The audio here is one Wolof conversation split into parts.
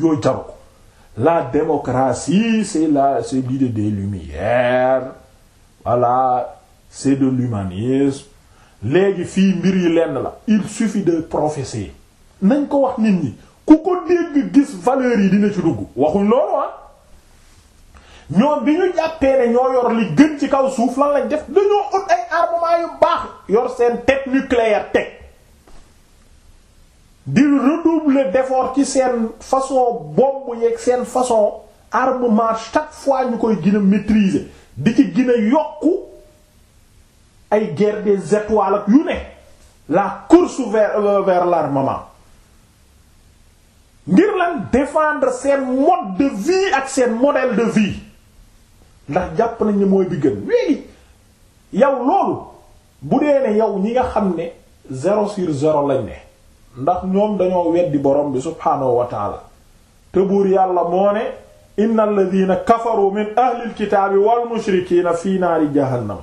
yooyu jaru ko la démocratie c'est la c'est l'idée des lumières voilà c'est de l'humanisme léegi fii mbir yi lenn la il suffit de professer nañ ko wax nit ñi ku ko dégg gis valeurs yi dina ci dugg waxuñ loolu ah ñoom bi ñu jàppee ne ñoo yor li gën ci kaw suuf lan lañ def dañoo ut ay armement yu baax yor seen tête nucléaire teg di redoubler d'effort ci seen façon bombe yeeg seen façon armement chaque fois ñu koy gën a di ci gën a yokku ay guerre des étoiles ak yu ne la course vers euh, vers l'armement ngir lan défendre seen mode de vie ak seen modèle de vie ndax jàpp nañ ne mooy bi gën léegi yow loolu bu dee ne yow ñi nga xam ne zéro sur zéro lañ ne ndax ñoom dañoo weddi borom bi subhaanahu wa te buur yàlla moo ne inna alladina kafaru min ahlil kitaabi wal mushrikiina fii naari jahannam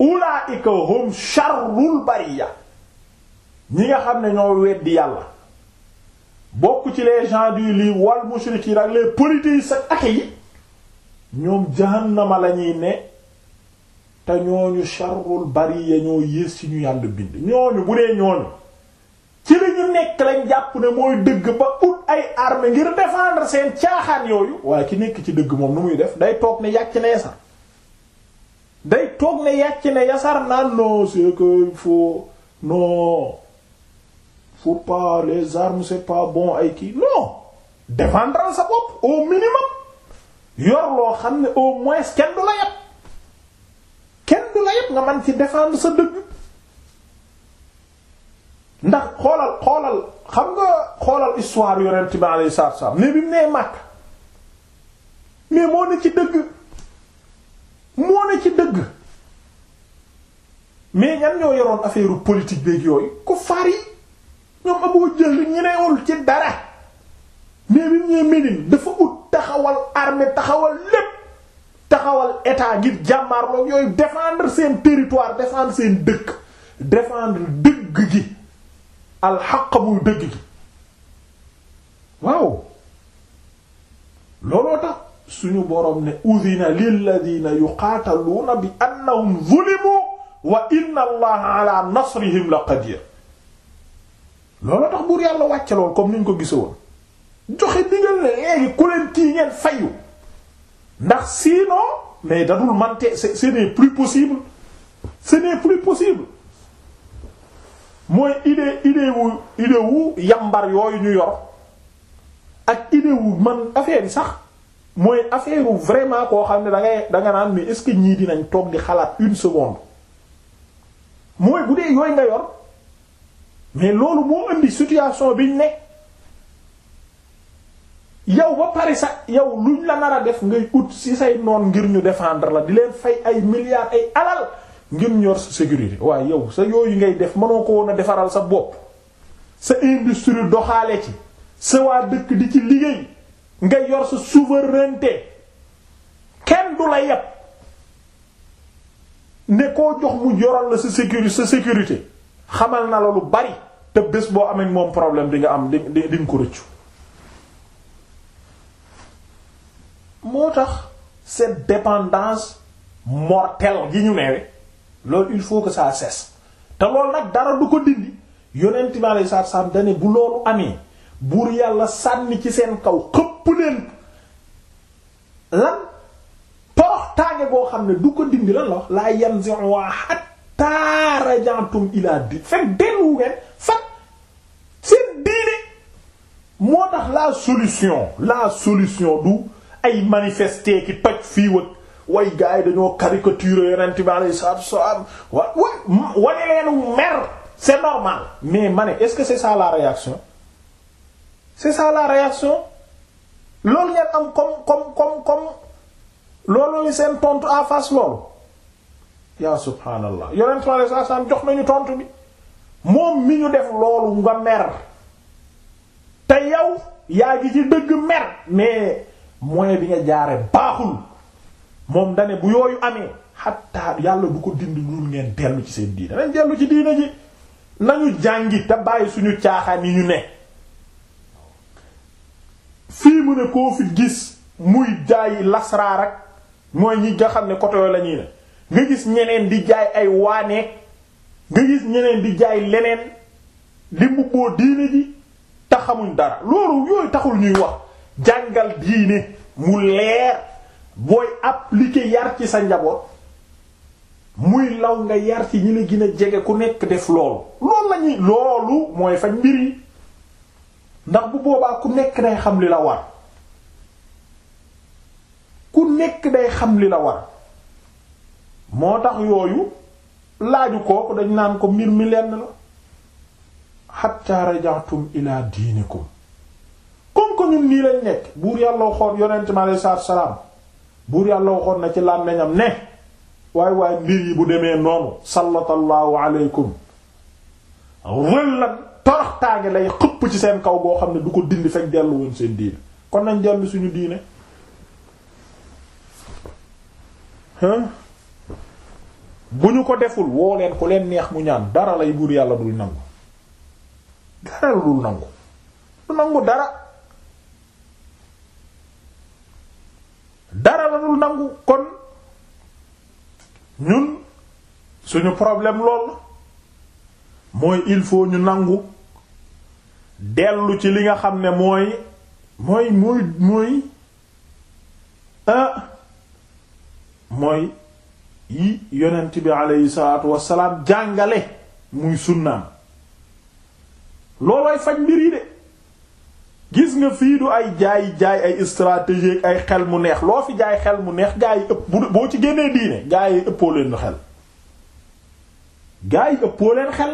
ulaa'ika hum sharrul bariya ñi nga xam ne ñoo weddi yàlla bokk ci les gens du livre wal mushrikiin ak les polythéistes ak athées yi ñoom jahannama lañuy ne te ñooñu sharrul bariya ñoo yées ci ñu yàlla bind ñooñu bu dee ñooñu ci li nekk lañ jàpp ne mooy dëgg ba ut ay armes ngir défendre seen caaxaan yooyu waaye ki nekk ci dëgg moom nu muy def day toog ne yàcc ne yasar day toog ne yàcc ne yasar naan non c'est que il faut non faut les armes c'est pas bon ay kii non défendre sa bopp au minimum yor loo xam ne au moins kenn du la yàpp kenn du la yàpp nga man ci défendre sa dëgg ndax xoolal xoolal xam nga xoolal histoire yonent bi alayhi salaatu salaam mais bi mu nee màkk mais moo ne ci dëgg moo ne ci dëgg mais ñan ñoo yoroon affaire politique beeg yooyu ko faar yi ñoom Abu Jahl ñu newul ci dara mais bi mu ñëwee Médine dafa ut taxawal armée taxawal lépp taxawal état ngir jàmmaarloo yooyu défendre seen territoire défendre seen dëkk défendre dëgg gi. alxaq muy dëgg waaw looloo suñu boroom ne udina lilladina yuqaataluuna bi annahum zulimu wa inna allaha ala nasrihim la qadir looloo tax buur yàlla lool comme niñ ko gise woon joxe digal ne léegi ku leen kii ngeen fayu ndax sinon mais dadul mante c'est plus possible ce plus possible mooy idée idée wu idée wu yambar yooyu ñu yor ak idée wu man affaire yi sax mooy affaire wu vraiment koo xam ne da danga da nga naan mais est ñii dinañ toog di xalaat une seconde mooy bu dee yooyu nga yor mais loolu moo indi situation biñ nekk yow ba pare sax yow luñ la nar a def ngay ut ci say noon ngir ñu défendre la di leen fay ay milliards ay alal. ngir ñor sa sécurité waaye yow sa yooyu ngay def mënoo ko woon a defaral sa bopp sa industrie doxaale ci sa waa dëkk di ci liggéey nga yor sa souveraineté kenn du la yeb ne koo jox mu yoral la sa sécurité sa sécurité xamal na la lu bari te bés boo amee moom problème di nga am di di nga ko rëccu moo tax cette dépendance mortelle gi ñu newe loolu il faut que ça cesse te loolu nag dara du ko dindi yonent bi alayhi salaatu salaam dane bu loolu amee buur yàlla sànni ci seen kaw xëpp leen lan poroxtaange boo xam ne du ko dindi la wax laa yanzi'u hatta rajantum ila di fekk dellu ngeen fat seen diine moo tax la solution la solution du ay manifester ki toj fii wëg way gars yi dañoo caricature yonent bi alayhi salaatu wassalaam wa wa wane leenu mer c'est normal mais ma ne est-ce que c'est ça la réaction c'est ça la réaction loolu ngeen am comme comme comme comme loolu seen tontu en face loolu yaa subhaanallah yonent bi alayhi salaatu wassalaam jox nañu tontu bi moom mi ñu def loolu nga mer te yow yaa ngi ci dëgg mer mais moyen bi nga jaare baaxul moom dane bu yooyu amee xatta yàlla du ko dindi lu ngeen dellu ci seen diine nañ dellu ci diine ji nañu jàngi te bàyyi suñu caaxaan yi ñu ne fii mu ne koo fi gis muy jaayi lasraar ak mooy ñi nga xam ne côté yooyu la ñuy nga gis ñeneen di jaay ay waaneek nga gis ñeneen di jaay leneen di mbubboo diine ji te xamuñ dara loolu yooyu taxul ñuy wax jàngal diine mu leer booy appliquer yar ci sa njaboot muy law nga yar ci ñi la gën a jege ku nekk def loolu loolu lañuy loolu mooy faj mbir yi ndax bu boobaa ku nekk day xam li la war moo tax yooyu laaju kooku dañ naan ko mbir mi lenn la hatta rajatum ila diinikum comme que ñun nii lañ nekk buur yàlla xool yonent mi salaam buur yàlla waxoon na ci làmmeñam ne waay waay mbir yi bu demee noonu sallallahu alaykum wëllan toroxtaange lay xëpp ci seen kaw goo xam ne du ko dindi fekk dellu woon seen diine kon nañ dellu suñu diine bu ñu ko deful woo leen ku neex mu ñaan dara lay buur yàlla dul nangu dara dul nangu nangu dara dara la nangu kon ñun suñu problème lool mooy il faut ñu nangu dellu ci li nga xam ne mooy mooy mooy mooy mooy yi yonent bi aleyhi wassalaam jàngale muy sunnaam loolooy faj mbir yi de gis nga fii du ay jaay jaay ay stratégie ay xel mu neex loo fi jaay xel mu neex gaa yi ëpp boo ci génnee diine gaa yi ëppoo leen xel gaa ëppoo leen xel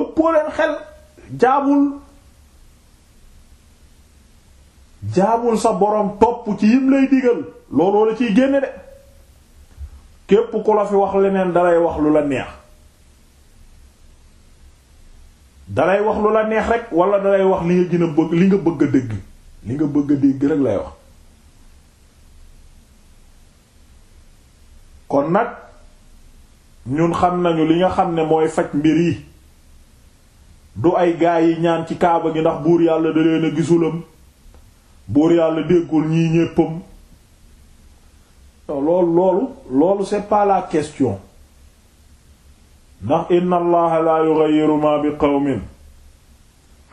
ëppoo xel jaabul jaabul sa borom topp ci yim lay digal looloo la ciy génne de képp ku la fi wax leneen dalay wax lu la neex dalay wax lu la neex rek wala dalay wax li nga gën bëgg li nga bëgg a dégg li nga bëgg a dégg rek lay wax kon nag ñun xam nañu li nga xam ne mooy faj mbir yi du ay gaa yi ñaan ci kaaba gi ndax buur yàlla da leen gisulam buur yàlla déggul ñii ñéppam loolu loolu loolu c'est pas la question ndax inna allaha laa ma bi qawmin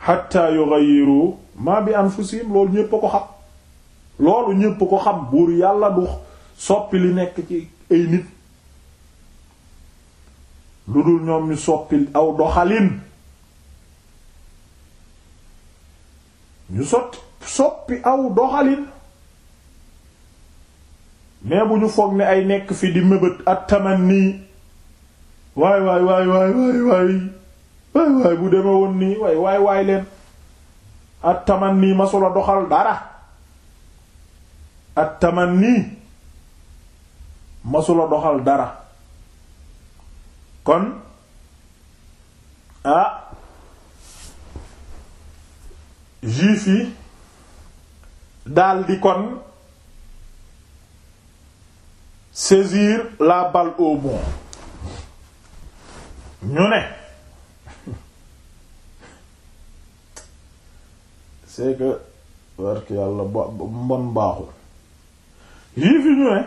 hatta yughayyiru ma bi anfusihim loolu ñépp a ko xam loolu ñépp a ko xam buur yàlla du soppi li nekk ci ay nit lu dul ñoom ñu soppi aw doxalin ñu sot soppi aw doxalin mais bu ñu foog ne ay nekk fi di mébét at tamanni waay waay waay waay waay waay waay waay bu waay waay waay leen at tamanni masula doxal dara at tamanni masula doxal dara kon ah juif yi daldi kon saisir la balle au bond ñu ne c'est que wark yàlla ba mbon baaxul yii fi ñu ne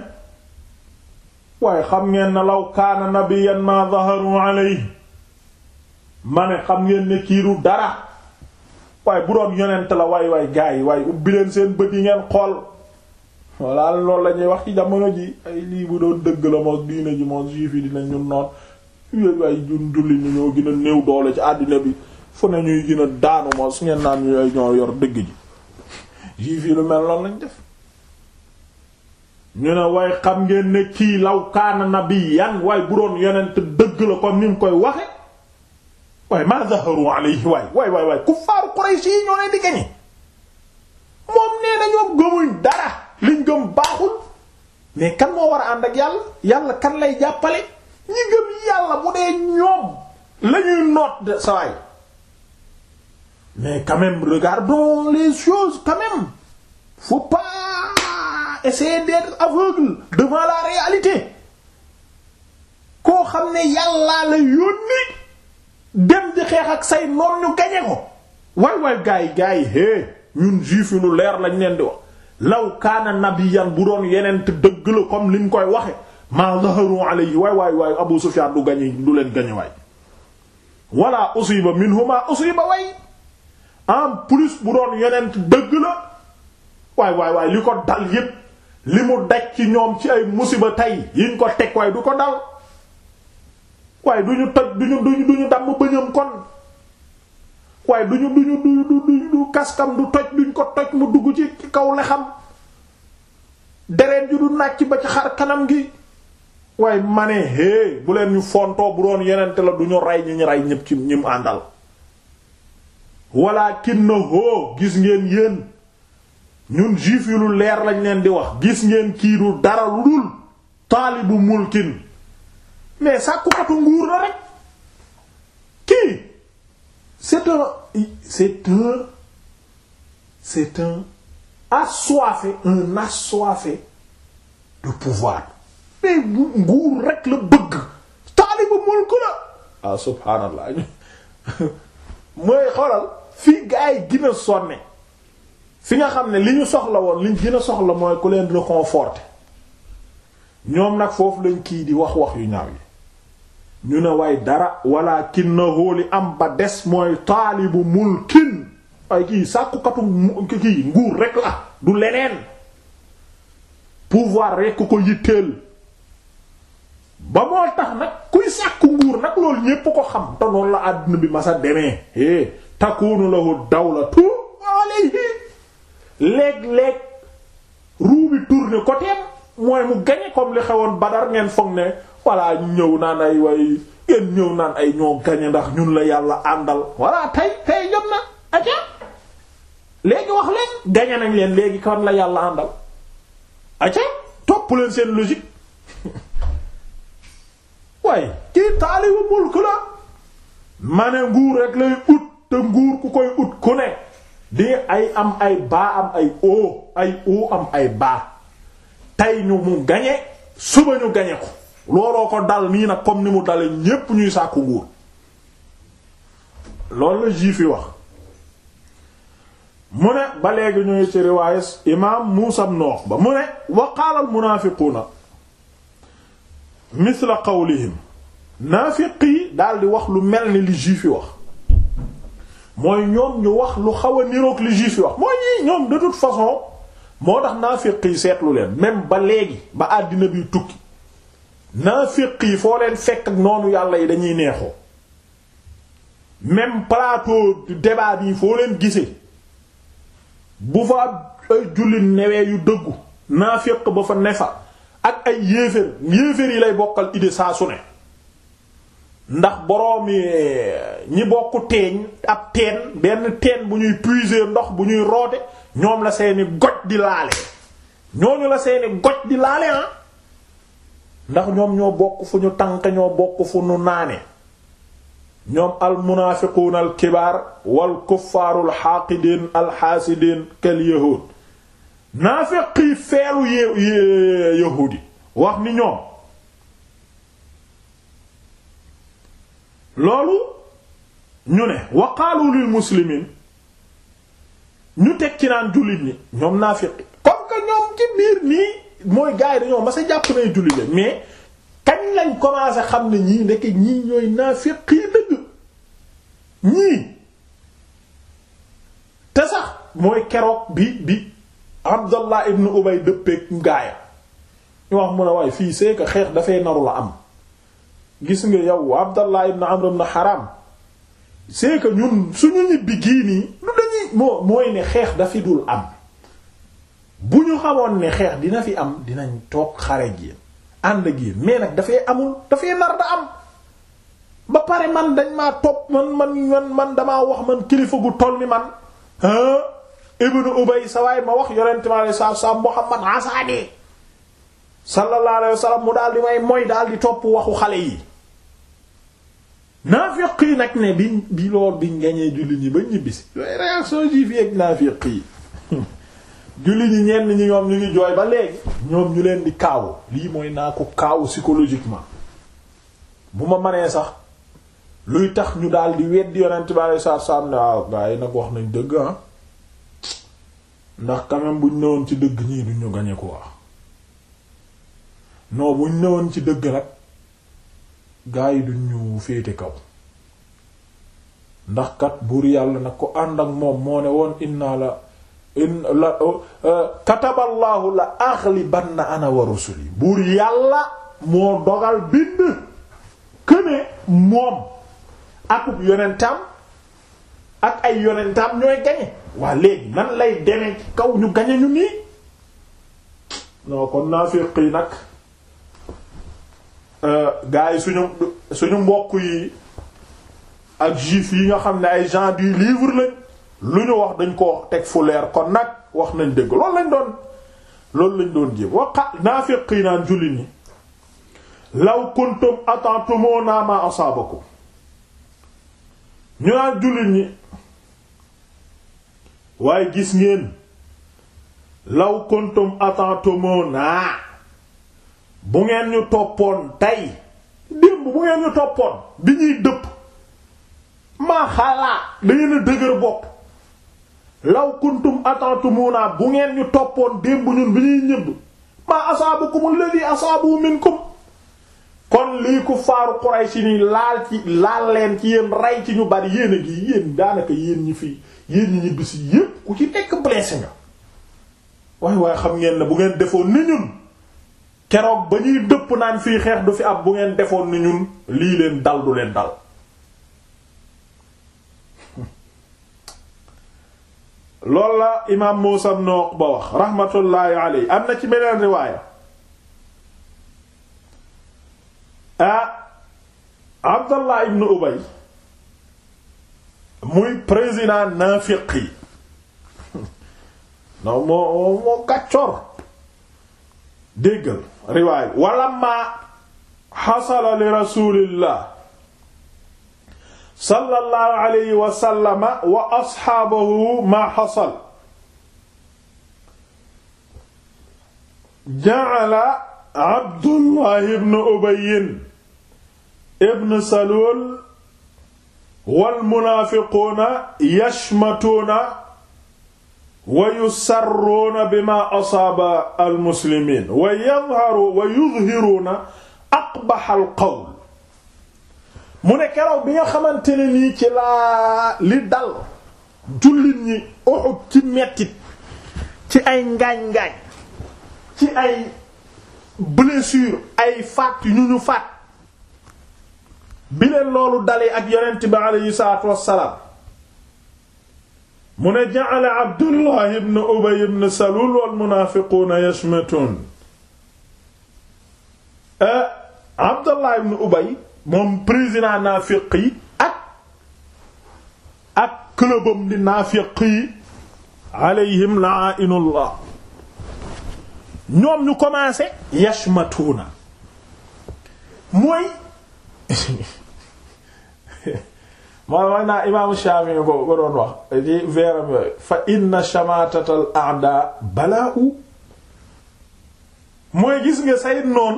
waaye xam ngeen na law kaana ma zaharu alayhi ma ne xam ngeen ne kiiru dara waaye bu doon yonent la waay waay gaa yi waaye ubbi leen seen bët yi ngeen xool walla loolu la ñuy wax ci jamono ji ay lii bu doon dëgg la moos diina ji moos juif yi dinañ ñun noon yooyu ay jun julli ñu ñoo gën a néew doole ci àddina bi foo ne ñuy gën a daanu su ngeen naan ñu ay ñoo yor dëgg ji juif yi lu mel lool lañu def ñu ne waaye xam ngeen ne kii law kaana nabiyan waaye bu doon yonent dëgg la comme ni mu koy waxe waaye maa zaharu alayhi waay waay waay waay kuffaaru Quraysh yi ñoo leen di gañe moom nee na gëmuñ dara liñ gëm baaxul mais kan moo war a ànd ak yàlla yàlla kan lay jàppale ñi yàlla bu dee noot de sa waay mais quand même regardons les choses quand même faut pas essayer d'être aveugle devant la réalité koo xam ne yàllaa la yónni dem di xeex ak say noon ñu gañe ko waay waay gars yi gars ñun juif yi lu leer lañ leen di wax law kaana nabiyan bu doon yeneen te dëgg la comme liñ koy waxe maa zaharu alayhi waay waay waay Abu Sufyan du gañi du leen gañi waay wala usiba minhuma usiba way en plus bu doon yeneen dëgg la waay waay waay li ko dal yépp li mu daj ci ñoom ci ay musiba tey yiñ ko teg waay du ko dal waaye du ñu toj du ñu du ñu damm bëñam kon waaye du ñu du ñu du du kaskam du toj duñ ko toj mu dugg ci kaw le xam deret ju du nàcc ba ci xar kanam gi waaye mane hé bu leen ñu fontoo bu doon yenente la du ñu ray ñi ñu rey ñëpp ci ñi mu àndal walla kin na hoo gis ngeen yéen ñun juif yi lu leer lañ leen di wax gis ngeen kii du dara lu dul taalibu mulkin mais sàkkukatu nguur la rek kii c'est un c'est un c'est un assoiffé un pouvoir dee nguur rek la bëgg taalibu mulk la ah subhaanallah mooy xoolal fii gaa yi gën sonne fi nga xam ne li ñu soxla woon li ñu gën soxla mooy ku leen réconforter ñoom nag foofu lañ kii di wax wax yu ñaaw yi ñu ne waaye dara walakin na hóoli am ba des mooy taalibu mulkin ay kii sàkkukatu kii nguur rek la du leneen pouvoir rekk ko yitteel ba moo tax nag kuy sàkku nguur nag loolu ñépp ko xam te noonu la àdduna bi masa demee é eh, takunu lahu dawlatu alayhi léeg-léeg ruu bi tourné côté mooy mu gañe comme li xewoon Badar ngeen foog ne voilà ñëw naan ay way ngeen ñëw naan ay ñoo gañe ndax ñun la yàlla àndal voilà tey tey jot na aca léegi wax leen gañe nañ leen léegi kon la yàlla àndal aca topp leen seen logique waaye kii taalibu mulk la ma ne nguur rek lay ut te nguur ku koy ut ku ne di ay am ay baa am ay oo ay oo am ay baa tey ñu mu gañe suba ñu gañe ko looloo ko dal nii nag comme ni mu dale ñépp ñuy sàkku nguur loolu la juif yi wax mu ne ba léegi ñuy ci riwaayes imaam Muusa ibn Uqba mu ne wa qaala al misla qawlihim naafiq yi daldi wax lu mel ni li juif yi wax mooy ñoom ñu wax lu xaw a niroog li juif yi wax mooy ñii ñoom de toute façon moo tax naafiq yi seetlu leen même ba léegi ba àddina bi tukki naafiq yi foo leen fekk ak noonu yàlla yi dañuy neexoo même plateau débat yi foo leen gisee bu fa ay jullit newee yu dëggu naafiq ba fa nefa ak ay yéeféer yéeféer yi lay bokkal idée saa su ne ndax boroomi ñi bokk teeñ ab teen benn teen bu ñuy puiser ndox bu ñuy roote ñoom la seeni goj di laale ñooñu la seeni goj di laale ah ndax ñoom ñoo bokk fu ñu tànk ñoo bokk fu ñu naane ñoom almunaafiquun alkibaar wal kuffaaru alxaaqidiin alxaasidiin kal naafeq yi feelu y yahuudi wax ni ñoom loolu ñu ne wa qaalu lil muslimiin ñu teg ci naan jullit ñi ñoom naafeq comme que ñoom ci biir nii mooy gars yi dañoo mas a jàpp nay jullit la mais kañ lañ commencé xam ne ñii nekk ñii ñooy naafeq dëgg ñii te sax mooy keroog bi bi Abdallah ibn Ubay dëppeek gaaya ñu wax mun a waaye fii c'est xeex dafay naru la am gis nga yow Abdallah ibn Amr ibn Haram c'est que ñun suñu ñibbi gii nii lu dañuy moo mooy ne xeex dafi dul am bu ñu xamoon ne xeex dina fi am dinañ toog xare gi ànd gi mais nag dafay amul dafay nar da am ba pare man dañ maa topp man man man man wax man kilifa gu toll ni man ibnu ubay sa waay ma wax yonente mi alei satu salaam muhammad asaani sallallahu alayhi wa sallam mu daal di may mooy daal di topp waxu xale yi naafiq yi nag ne bi bi lool biñ ba ñibbisi yooyu yi ak naafiq yi julli ñi ñenn ñi ñoom ñu ngi jooy ba léegi ñoom ñu leen di kaawu lii mooy naa ko kaawu psychologiquement bu ma manee sax luy tax ñu daal di weddi yonente bi alei satu salaam ne waaw ah, gaa yi nag wax nañ dëgg ah ndax quand bu buñ newoon ci dëgg ñii du ñu gañe ko wax non buñ newoon ci dëgg nag gaa yi duñ ñu féete kaw ndax kat buur yàlla nag ko ànd ak moom moo ne woon inna la in la oh, eh, kataballaahu la aghlibanna ana wa rusuli buur yàlla moo dogal bind këne moom akub yonentam ak ay yonentam ñooy gañe waa léegi nan lay demee ci kaw ñu gañe ñu nii non kon naa féq yi nag euh, gars yi suñu suñu mbokk yi ak juif yi nga xam ne ay gens du livre lañ lu ñu wax dañ ko teg fu leer kon nag wax nañ dëgg loolu lañ doon loolu lañ doon jéem waqa naa féq yi naan julli ni law kuntum atantumoo naa ma asaabakum ñu naan julli ñi waaye gis ngeen law kontum ata'tumuna bu ngeen ñu toppoon tey démb bu ngeen ñu toppoon bi ñuy dëpp maa xaalaa da ngeen a dëgër bopp law kuntum ata'tumuna bu ngeen ñu toppoon démb ñun bi ñuy ñëbb maa asaabakum alladhi asaabu minkum kon lii ku faaru Quraysh ni laal ci laal leen ci yéen rey ci ñu bari yéen a ngi yéen daanaka yéen ñi fii yéen ñi ñibbisi yépp ku ci nekk blessé nga waaye waaye xam ngeen ne bu ngeen defoon ni ñun keroog ba ñuy dëpp naan fii xeex du fi ab bu ngeen defoon ni ñun lii leen dal du leen dal loolu la imaam Muusaa ibn Uqba wax raxmatullaahi am na ci beneen riwaaya ah Abdallah ibn Ubay muy président naafiq yi non moo moo kàccoor déggal riwaay wala ma xasala li rasulillah sallallahu alayhi wa sallama wa asxaabahu ma xasal ja'ala abdullahi ibn ubayyin ibn salul wal munaafiquuna yashmatuuna wa yusarruuna bimaa asaaba al muslimiin wa yadharu wa yudhiruuna aqbaxal qawl mu ne keroog bi nga xamante ne nii ci laa li dal jullit ñi Uhud ci mettit ci ay ngaañ-ngaañ ci ay blessure ay faat yu ñu ñu faat bi leen loolu dalee ak yonent bi aleyhi salaatu wassalaam mu ne ja'ala Abdullah ibn Ubay ibn Salul wal munaafiquuna yashmatuun eh, Abdullah ibn Ubay moom président naafiq yi ak ak clubam di naafiq yi aleyhim la'inullah ñoom ñu commencé yashmatuuna mooy mooy wax naa imaamu Shaafi'i ko ko doon wax fa inna shamaatatal a'daa balaa u mooy gis nga say noon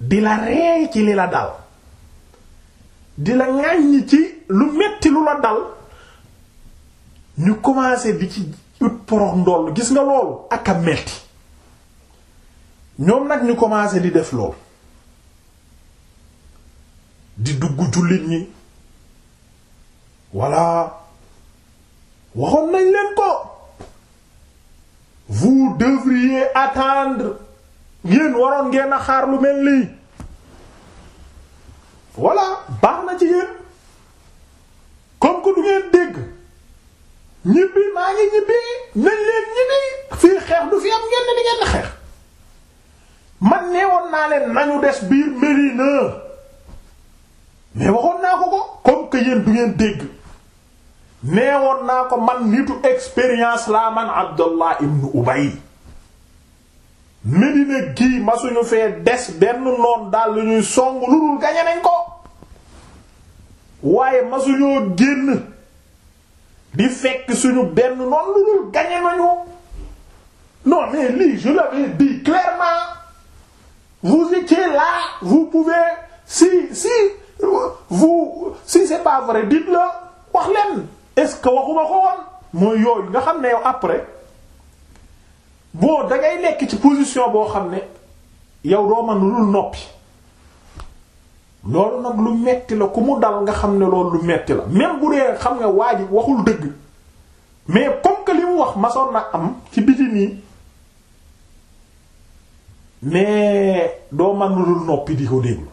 di la ree ci li la dal di la ŋàññi ci lu metti lu la dal ñu commencé di ci ut porox ndoll gis nga loolu ak a metti ñoom nag ñu commencé di def loolu di dugg jullit ñi voilà waxoon nañ leen ko vous devriez attendre yéen waroon ngeen a xaar lu mel nii voilà baax na ci yéen comme que du ngeen dégg ñibbi maa ngi ñibbi nañ leen ñibbi fii xeex du fi am ngeen di ngeen xeex man nee naa leen nañu des biir Médina mais waxoon naa ko ko comme que yéen du ngeen dégg. neewoon naa ko man nitu expérience laa man Abdallah ibn Ubay Medina gii masuñu fee des benn noon daal lu ñuy song lu dul gañe nañ ko waaye masuñoo génn di fekk suñu benn noon lu dul gañe nañu non mais lii je l'avais dit clairement vous étiez là vous pouvez si si vous si c'est pas vrai dites-le wax leen est-ce que waxuma ko woon mooy yooyu nga xam ne yow après boo dangay lekk ci position boo xam ne yow doo mën lu noppi loolu nag lu metti la ku mu dal nga xam ne loolu lu metti la même bu dee xam nga waa ji waxul dëgg mais comme li mu wax masoon na am ci biti nii mais doo mën lu noppi di ko déglu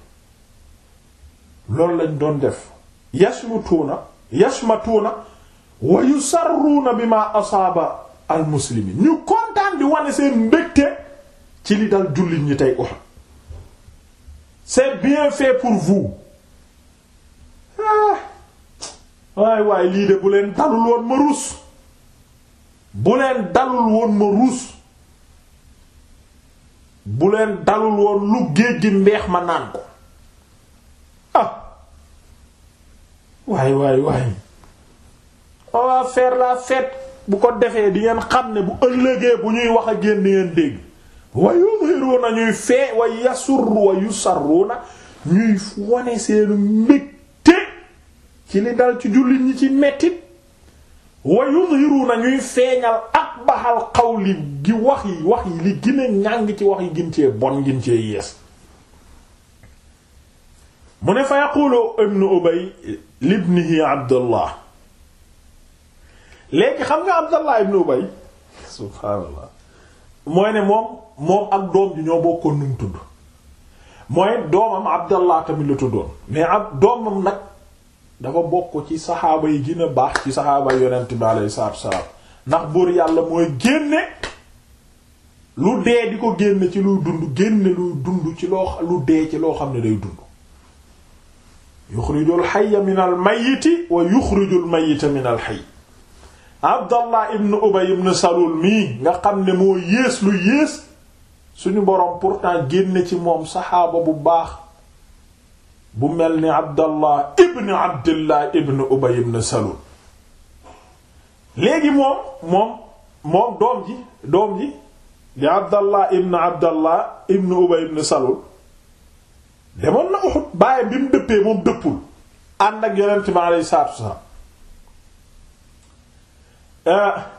loolu lañ doon def yasmatuuna yasmatuuna wa yusarruuna bima asaaba al muslimiin ñu kontaan di wane seen mbégte ci li dal jullit ñi tey Uhud c'est bien fait pour vous ah. waay waay lii de bu leen dalul woon ma ruus bu leen dalul woon ma ruus bu lu géej gi mbeex ma naan ko ah waay waay on va faire la fête bu ko defee di ngeen xam ne bu ëllëgee bu ñuy wax a yéen di ngeen dégg wa yuzhiruna ñuy fee wa yasurru wa yusarruna ñuy wone seenu mbégte ci li dal ci jullit ñi ci mettit wa yuzhiruna ñuy feeñal ak baxal xawli gi wax yi wax yi li gën a ci wax yi gin cee bon gin cee yees mu ne fa yaqulu ibnu ubay libnihi abdullah léegi xam nga Abdallah ibn Ubay subhaanallah mooy ne moom moom ak doom ji ñoo bokkoon nuñ tudd mooy doomam Abdallah tamit la tuddoon mais ab doomam nag dafa bokk ci saxaaba yi gën a baax ci saxaaba yonent bi alayhi salaatu wassalaam ndax buur yàlla mooy génne lu dee di ko génne ci luy dund génne luy dund ci loo xam lu dee ci loo xam ne day dund yuxrijul hayya minal mayyiti wa yuxrijul mayyita minal hayy Abdallah ibn Ubay ibn Salul mii nga xam ne moo yées lu yées suñu boroom pour pourtant génne ci moom saxaaba bu baax bu mel ni Abdallah ibn Abdillah ibn Ubay ibn Salul léegi moom moom moom doom ji doom ji di Abdallah ibn Abdallah ibn Ubay ibn Salul demoon na Uhud bàyyi bi mu dëppee moom dëppul ànd ak yonent bi alayhi salaatu salaam Ah.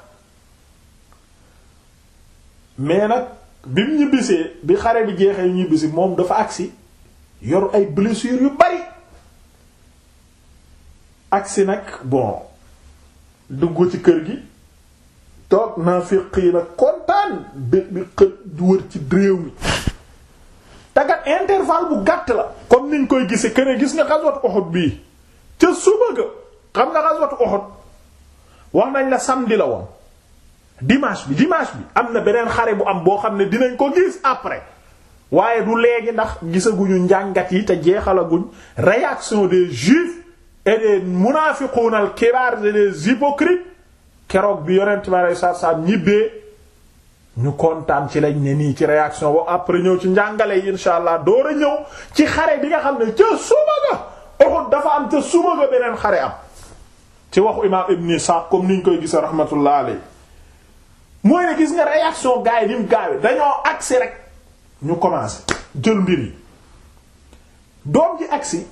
mais nag bi mu ñibbisee bi xare bi jeexee ñibbisi moom dafa agsi yor ay blessures yu bari agsi nag bon dugg ci kër gi toog naafiq yi nag kontaan bi bi xët wër ci réew mi tagat intervalle bu gàtt la comme niñ koy gise kene gis nga xaswatu Uhud bii ca suba ga xam nga xaswatu Uhud wax nañ la samedi la woon dimanche bi dimanche bi am na beneen xare bu am boo xam ne dinañ ko gis après waaye du léegi ndax gisaguñu njàngat yi te jeexalaguñ réaction des juifs et des munafiqun al kibar et des hypocrites keroog bi yonent bi alei satu salaam ñibbee ñu kontaan ci lañ ne nii ci réaction boobu après ñëw ci njàngale yi insha allah door a ñëw ci xare bi nga xam ne ca suba ga dafa am ca suba ga beneen xare am ci waxu imaam Ibn Isaaq comme ni ñu koy gisee rahmatullah alay mooy ne gis nga réaction gars ni mu gaawe dañoo agsi rek ñu commencé jël mbir yi doom ji agsi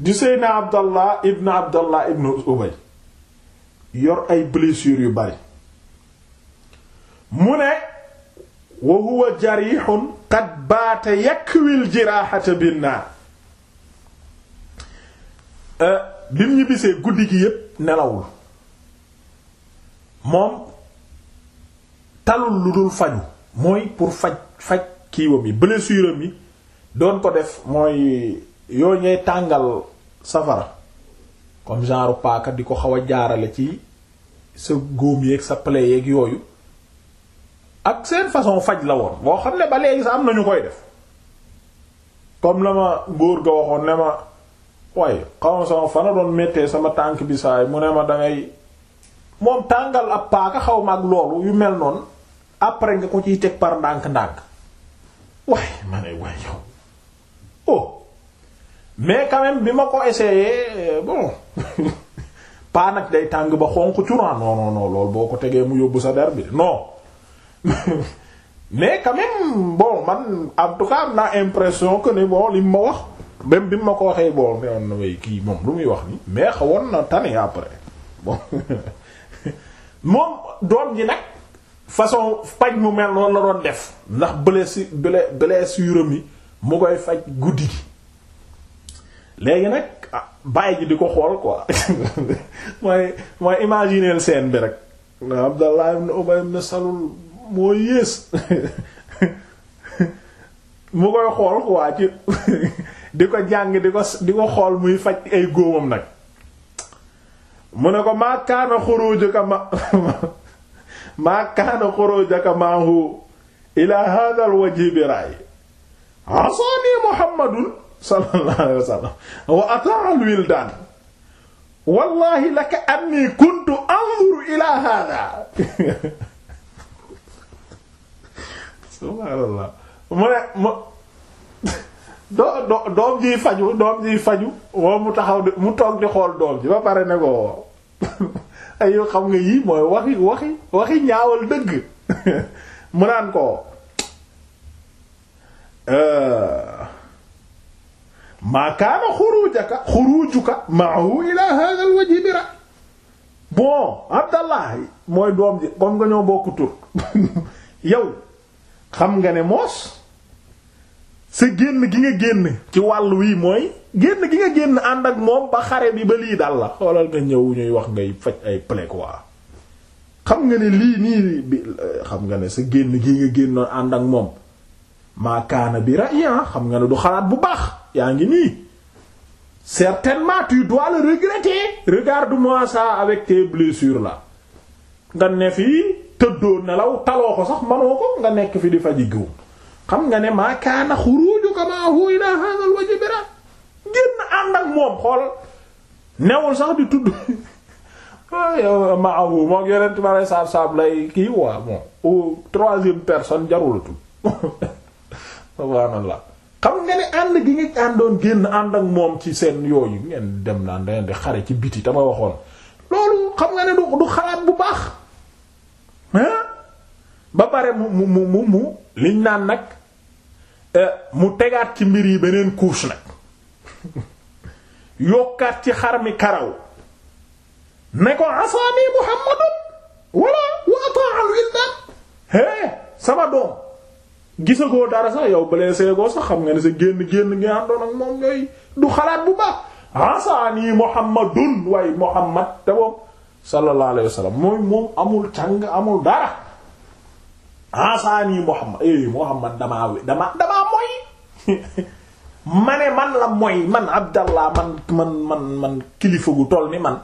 di Seydina Abdallah ibn Abdallah ibn Ubay yor ay blessures yu bari mu ne wa huwa jarihun qad baata yakwil jirahata binnaar euh, bi mu ñibbisee guddi gi yépp nelawul moom talul lu dul faju mooy pour faj faj kiiwam yi blessure am yi doon ko def mooy yooyu ñuy tàngal safara comme genre paaka di ko xaw a jaarale ci sa góom yeeg sa yeeg yooyu ak seen façon faj la woon boo xam ne ba léegi sax am na ñu koy def comme na ma góor ga waxoon ne ma waaye xaw sama fana doon méttee sama tànk bi saay mu ne ma dangay moom tàngal ab paaka xaw ma ak loolu yu mel noonu après nga ko ciy teg par ndànk-ndànk waaye ma waaye yow oh mais quand bi ma ko essayé bon paa nag day tàng ba xonq curaan non non loolu boo ko tegee mu yóbbu sa der bi non mais quand même man en tout cas am naa impression que ne bon li ma wax même bi mu ma ko waxee bon nee woon na way kii moom lu muy wax ni mais xawoon na tane après bon moom doom ji nag façon paj mu mel noonu la doon def ndax blessure blessure mi mu koy faj guddi gi léegi nag ah, bàyyi ji di ko xool quoi mooy mooy imaginer scène bi rek Abdallah ibn Ubay ibn Salul moo yées mu koy xool quoi ci di ko jàng di ko xool muy faj ay góomam nag mu ne ko maa kaana xurujuka maahu ila hadha alwajhi bi raay asani muhammadun sallallahu alayhi wa wa ataa alwildaan wallahi laka anni kuntu anzuru ila hadha subhaanallah mu ne do- do- doom jiy faju doom jiy faju moom mu taxaw di mu toog di xool doom ji ba pare ne ko ay xam nga yii mooy waxi waxi waxi ñaawal dëgg mu naan ko euh, maa kaana xurujaka xurujuka ma'ahu ila hadha alwajhi bira bon Abdallah mooy doom ji comme nga ñoo bokk tur yow xam nga ne moos sa génn gi nga génn ci wàll wii mooy génn gi nga génn ànd ak moom ba xare bi ba lii dal la xoolal nga ñëw ñuy wax ngay faj ay plaie quoi xam nga ni lii nii bi euh, xam nga ne sa génn gi nga génnoon ànd ak moom maakaana bi rayan ah, xam nga ne du xalaat bu baax yaa ngi nii certainement tu dois le regretter regarde-moi ça avec tes blessures là nga ne fii tëddoo nelaw taloo ko sax manoo ko nga nekk fi di faji gëw xam nga ne maa kaana xurujuka maahu ila hadha al wajh bira génn ànd ak moom xoolal newul sax di tudd ah, yow maahu moom yeneen ma lay saab saab kii waa personne jarul a tudd subhaanallah xam nga ne ànd gi nga àndoon génn ànd ak moom ci seen yooyu ngeen dem naan dangeen di xare ci biti tama waxoon loolu xam nga ne du du xalaat bu baax ba pare mu mu mu mu mu liñ naan nag euh, mu tegaat ci mbir yi beneen couche nag yokkaat ci xar mi karaw ne ko asaani muhammadun wala wa ata'al ilman hé sama doom gisagoo dara sax yow blessé goo sax xam nga ne sa génn génn nga àndoon ak moom yooyu du xalaat bu baax asaani muhammadun waaye muhammad te boobu sallallahu alayhi wasallam mooy moom amul càng amul dara asaani Muhammad eh Muhammad damaa damaa moy ma man la moy man Abdallah man man man kilifa gu toll ni man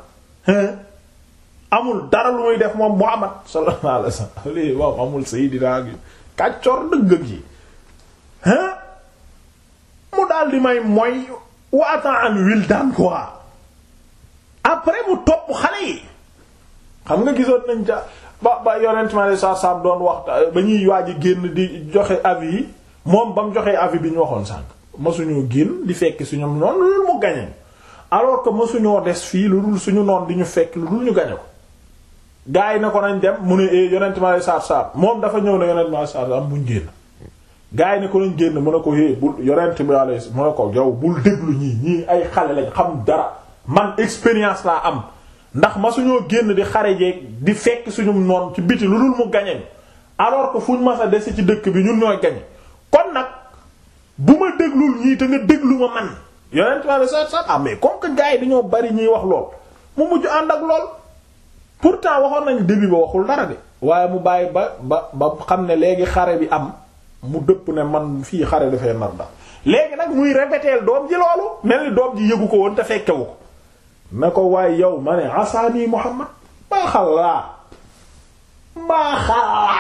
amul dara lu muy def moom Muhammad sallallahu alayhi wasallam lii moom amul sayidina gi kàccor dëgg gi mu daal di may moy waatan al wildaan quoi après mu topp xale yi xam nga gisoon nañ ca ba ba yonent ma saa saam doon wax ba ñuy waaj génn di joxe avis yi moom ba mu joxee avis bi ñu waxoon sànq masuñu génn di fekk suñu noon lu dul mu gañe alors que masuñoo des fii lu dul suñu noon di ñu fekk lu dul ñu gañe ko gaa yi na ko nañ dem mu ne eh, yonent ma saab saab moom dafa ñëw ne yonent ma saab saab buñ génn gaa yi ko nañ génn mu ne ko hé eh, bul yonent bi alayhi mu ne ko jow bul lu ñii ñii ay xale lañ xam dara man expérience laa am ndax ma suñoo génn di xare jeeg di fekk suñu noon ci biti lu dul mu gañe alors que fuñ mas a dese ci dëkk bi ñun ñooy gañe kon nag bu ma déglul ñii te nga déglu ma man yonent ma sa sa amee mais comme que gars yi bari ñuy wax lool mu mujj ànd ak lool pourtant waxoon nañ début ba waxul dara de waaye mu bàyyi ba ba ba xam ne léegi xare bi am mu dëpp ne man fii xare dafay nar da leegi nag muy répéter doom ji loolu mel ni doom ji yëgu ko woon te fekkewu ko na ko waay yow ma ne asaani Muhammad baaxal laa baaxal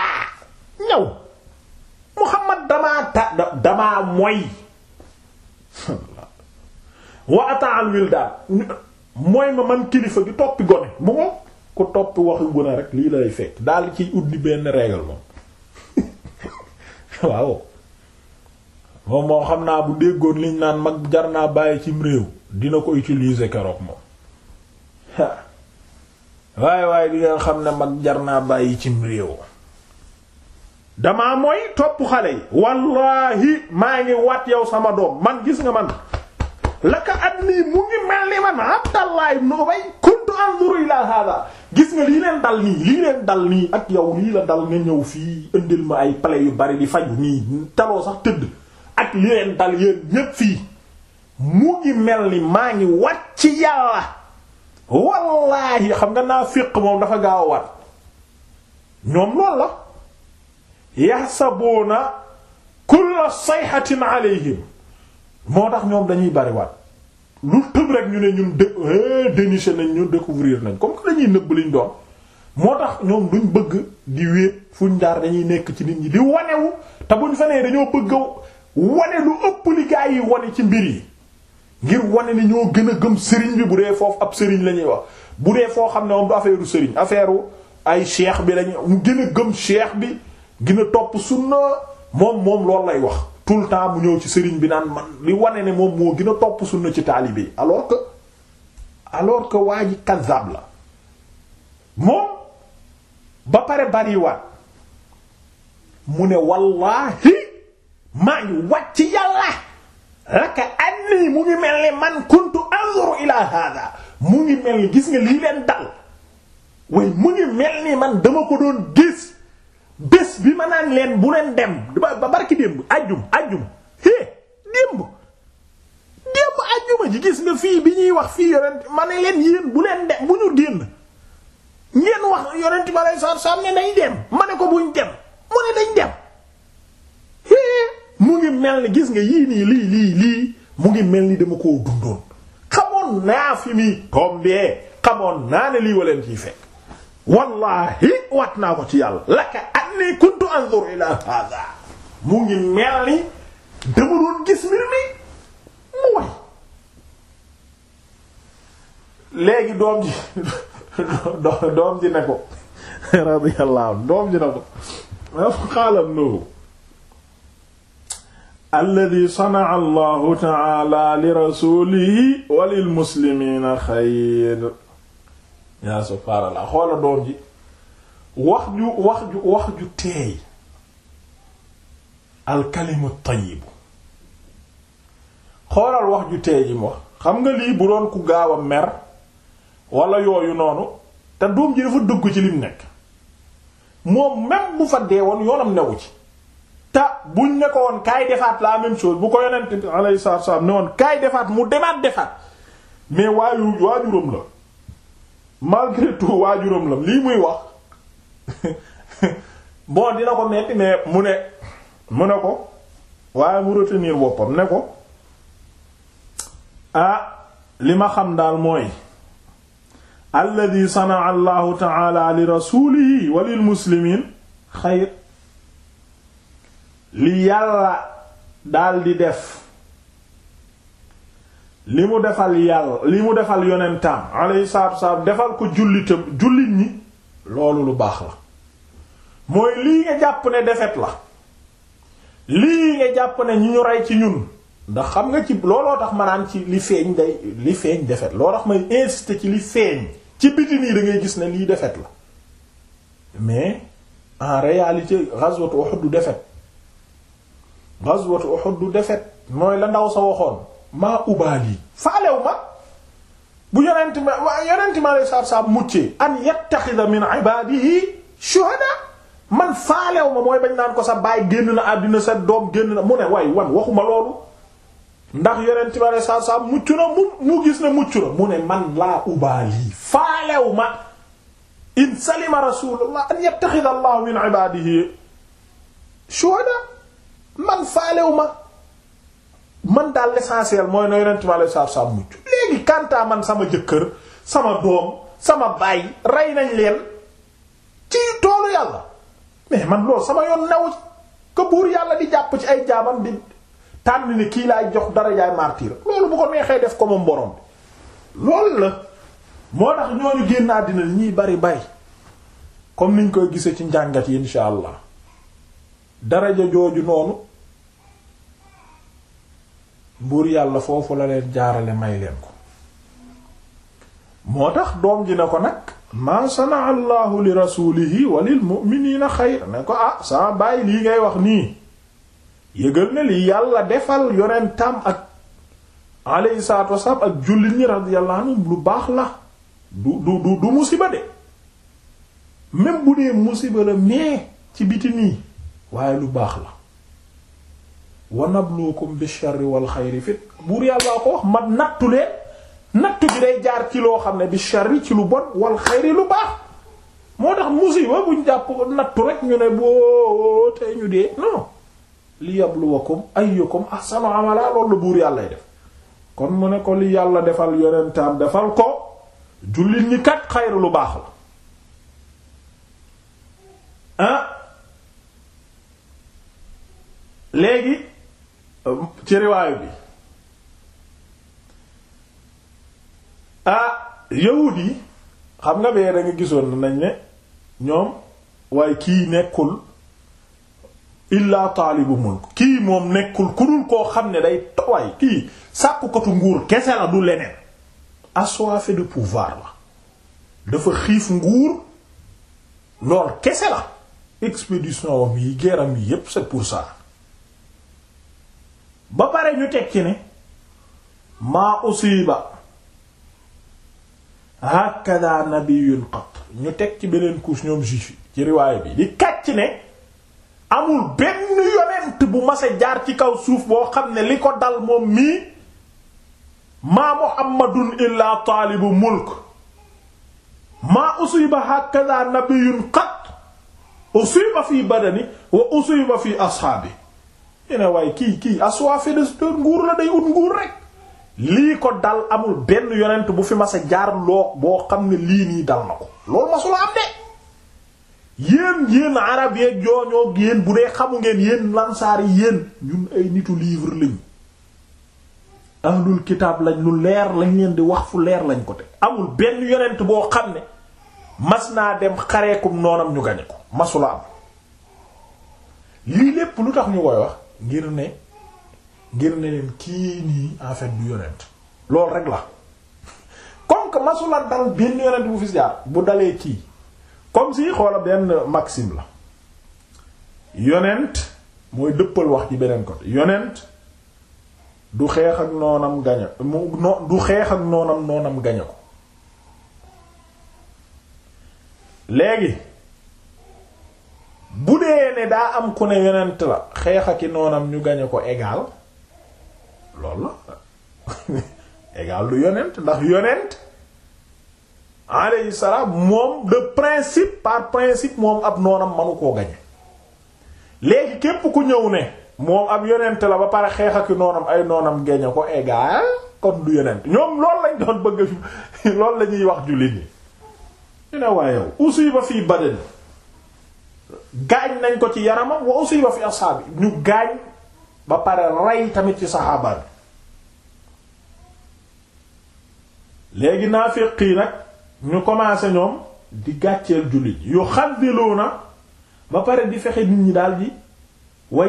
Muhammad damaa ta damaa moy wa ata'al wildan mooy ma man kilifa gi toppi gone mu moom ku toppi waxi gone rek lii lay fekk daal ciy ut ni benn règle moom waaw moom moo xam naa bu déggoon liñ naan mag jar naa bàyyi cim réew dina ko utiliser keroog moom waaye waaye di ngeen xam ne mag jar naa bàyyi ci réew damaa mooy topp xale yi wallaahi maa ngi wat yow sama doom man gis nga man laka at gis ak yow lii la dal nga ñëw fii indil yu bari di faju nii taloo sax fii mu ngi mel ni maa ngi wat ci yàlla wallaahi xam nga naa fiq moom dafa gaaw a wat ñoom loolu la yaxsabuuna kulla sayhatin alayhim moo tax ñoom dañuy bari wat lu tëb rek ñu ne ñun dé eh, déniché nañ ñu découvrir nañ comme que dañuy nëbb liñ doon moo tax ñoom duñ bëgg di wéet fuñ jaar dañuy nekk ci nit ñi di wanewu te buñ fa nee dañoo bëgg a lu ëpp li yi wane ci mbir yi ngir wane ni ñoo gën a gëm sëriñ bi bu dee foofu ab sëriñ lañuy wax bu dee foo xam ne moom du affaire u sëriñ affaire ay cheikh bi lañu mu gën a gëm cheikh bi gën a topp sunna moom moom loolu lay wax tout le temps mu ñëw ci sëriñ bi naan man li wane ne moom moo gën a topp sunna ci taalibe yi alors que alors que waa ji kazzab la moom ba pare bariwaat mu ne wallaahi maa ngi wàcc yàlla raka annii mu ngi mel ni man kuntu anzuru ila hada mu ngi mel ni gis nga lii leen dal waaye mu ngi mel ni man dama ko doon gis bés bi ma naan leen bu leen dem ba barki démb ajjum ajjum hé fii bi ñuy wax fii ma ne leen yéen bu leen dem bu ñu génn ngeen wax yonent bi alei satu salaam ne nañ dem ma ne ko buñ dem mu ne dañ dem mu ngi mel ni gis nga yii nii lii lii lii mu ngi mel ni dama koo dundoon xamoon naa fi muy tombee xamoon naa ne lii waleen wat naa ko ci yàlla laka anni kuntu anzur ila hada mu ngi mel ni dama doon gis mbir mi mu way léegi doom ji doom ji ne ko radiyallahu doom ji ne ko xaalam noonu alladi sanaa allahu taala li rasulihi wa xoola doom ji wax ju wax ju teey alkalimu tayibu xoolal wax ju teey ji wax xam nga lii bu doon ku gaaw mer wala yooyu noonu te doom ji dafa dëgg ci lim nekk moom même bu fa dee woon yoonam newu ci te buñ ne ko woon kaay defaat la même chose bu ko yonent bi alayhi salaatu kaay defaat mu demaat defaat mais waayu waajuram la malgré waajuram la lii muy wax bon dina ko metti mais mu ne mu ne ko waaye mu retenir boppam ne ko ah li ma xam daal mooy alladi sanaa allahu taala li rasulihi wa lil muslimin li yàlla di def li mu defal yàlla li mu defal yonentam alayhi salaatu wassalaam defal ko jullitam jullit ñi loolu lu baax la mooy lii nga jàpp ne defet la lii nga jàpp ne ñu ñu rey ci ñun ndax xam nga ci looloo tax ma naan ci li feeñ day li feeñ defet loo tax may insister ci li feeñ ci biti nii da ngay gis ne lii defet la mais en réalité ghazwat Uhud du defet ghazwatu Uhud du defet mooy la ndaw sa waxoon maa ubaali faalew ma bu yonent ma waa yonent ma lay saab saab muccee an yattakhidha min ibadihi shuhada man faalew ma mooy bañ naan ko sa baay génn na àddina set doom génn na mu ne waay wan waxuma loolu ndax yonent ma lay saab saab mucc na mu mu gis ne mucc na mu ne man laa ubaali faalew ma in salima rasulullah an yattakhidha allah min ibadihi shuhada man faalewu ma man daal l'essentiel mooy na yonent bi alei satu salaam léegi kantaa man sama jëkkër sama doom sama baay rey nañ leen ci toolu yàlla mais man loolu sama yoon new ko buur yàlla di jàpp ci ay jaamam di tànn ni kii laay jox dara yaay martyr loolu bu ko neexee def ko ma borom bi loolu la moo tax ñooñu génn àddina li ñuy bari bari comme niñ koy gisee ci njàngat yi insha allah daraja jooju noonu buur yàlla foofu la leen jaarale may leen ko moo tax doom ji ne ko nag maa sanaa allahu li rasulihi wa lil na xayr ne ko ah sama bàyyi lii ngay wax nii yëgal na li yàlla defal yonentam ak alayhi salaatu wasalaam ak jullit ñi radiyallahu lu baax la du du du du musiba de même bu dee musiba la mais ci biti nii waaye lu baax la wa nabluukum bi sharri wal xayri fit buur yàllaa ko wax ma nattu leen nattu bi day jaar ci loo xam ne bi ci lu bon wal xayri lu baax moo tax musiba buñ jàpp nattu rek ñu ne boo tey ñu dee non li yabluwakum ayyukum ahsanu amala loolu buur yàllay def kon mu ne ko li yàlla defal yonentam defal ko jullit ñi kat xayri lu baax la ah, léegi Euh, ci riwaayu bi ah yahud yi xam nga bee da gisoon gisoon nañ ne ñoom waaye kii nekkul illaa taalibu kii moom nekkul ku dul koo xam ne day towaay kii sàkkukatu nguur kese la du leneen assoiffé de pouvoir la dafa xiif nguur lool kese la expédition wam yi geeram yi yépp c'est pour ça ba pare ñu teg ci ne maa usiba hakada nabiyun qat ñu teg ci beneen couche ñoom juif yi ci riwaay bi di kàcc ne amul benn yonent bu mas a jaar ci kaw suuf boo xam ne li ko dal moom mii maa muhammadun illaa taalibu mulk maa usiba hakada nabiyun qat usiba fi badani wa usiba fi ashaabi ñu ne waaye kii kii assoiffé de nguur la day ut nguur rek lii ko dal amul benn yonent bu fi mas jaar loo boo xam ne lii nii dal na ko loolu masula yéen bu dee xamu ngeen yéen lansaar yi yéen nitu livre lañu ahlul kitaab lañ lu leer lañ leen di wax fu leer lañ ko te amul benn yonent boo xam ne mas naa dem xareekum noonam ñu masula am lii lépp lu tax ñu koy wax ngir ne ngir ne leen kii nii en fait du yonent loolu rek la comme que masula dal benn yonent bu fi jaar bu dalee kii comme si xoola benn maxime la yonent mooy dëppal wax ci beneen ko yonent du xeex ak noonam gaña mu no du xeex ak noonam noonam gaña ko léegi bu dee ne daa am ku ne yonent la xeex ak i noonam ñu gañe ko égal loolu la égal du yonent ndax yonent alayhi salaam moom de principe par principe moom ab noonam manu koo gañe léegi képp ku ñëw ne moom ab yonent la ba pare xeex ak i noonam ay noonam gañe ko égal kon du yonent ñoom loolu lañ doon bëgg loolu la ñuy wax jullit ñi ñu ne waaye yow usiba fii badani gaañ nañ ko ci yaramam wa usiba fi ashaabi ñu gaañ ba pare rey tamit ci saxaabaan léegi naafiq yi nag ñu commencé ñoom di gàcceel jullit yu na ba pare di fexe nit ñi daal di wa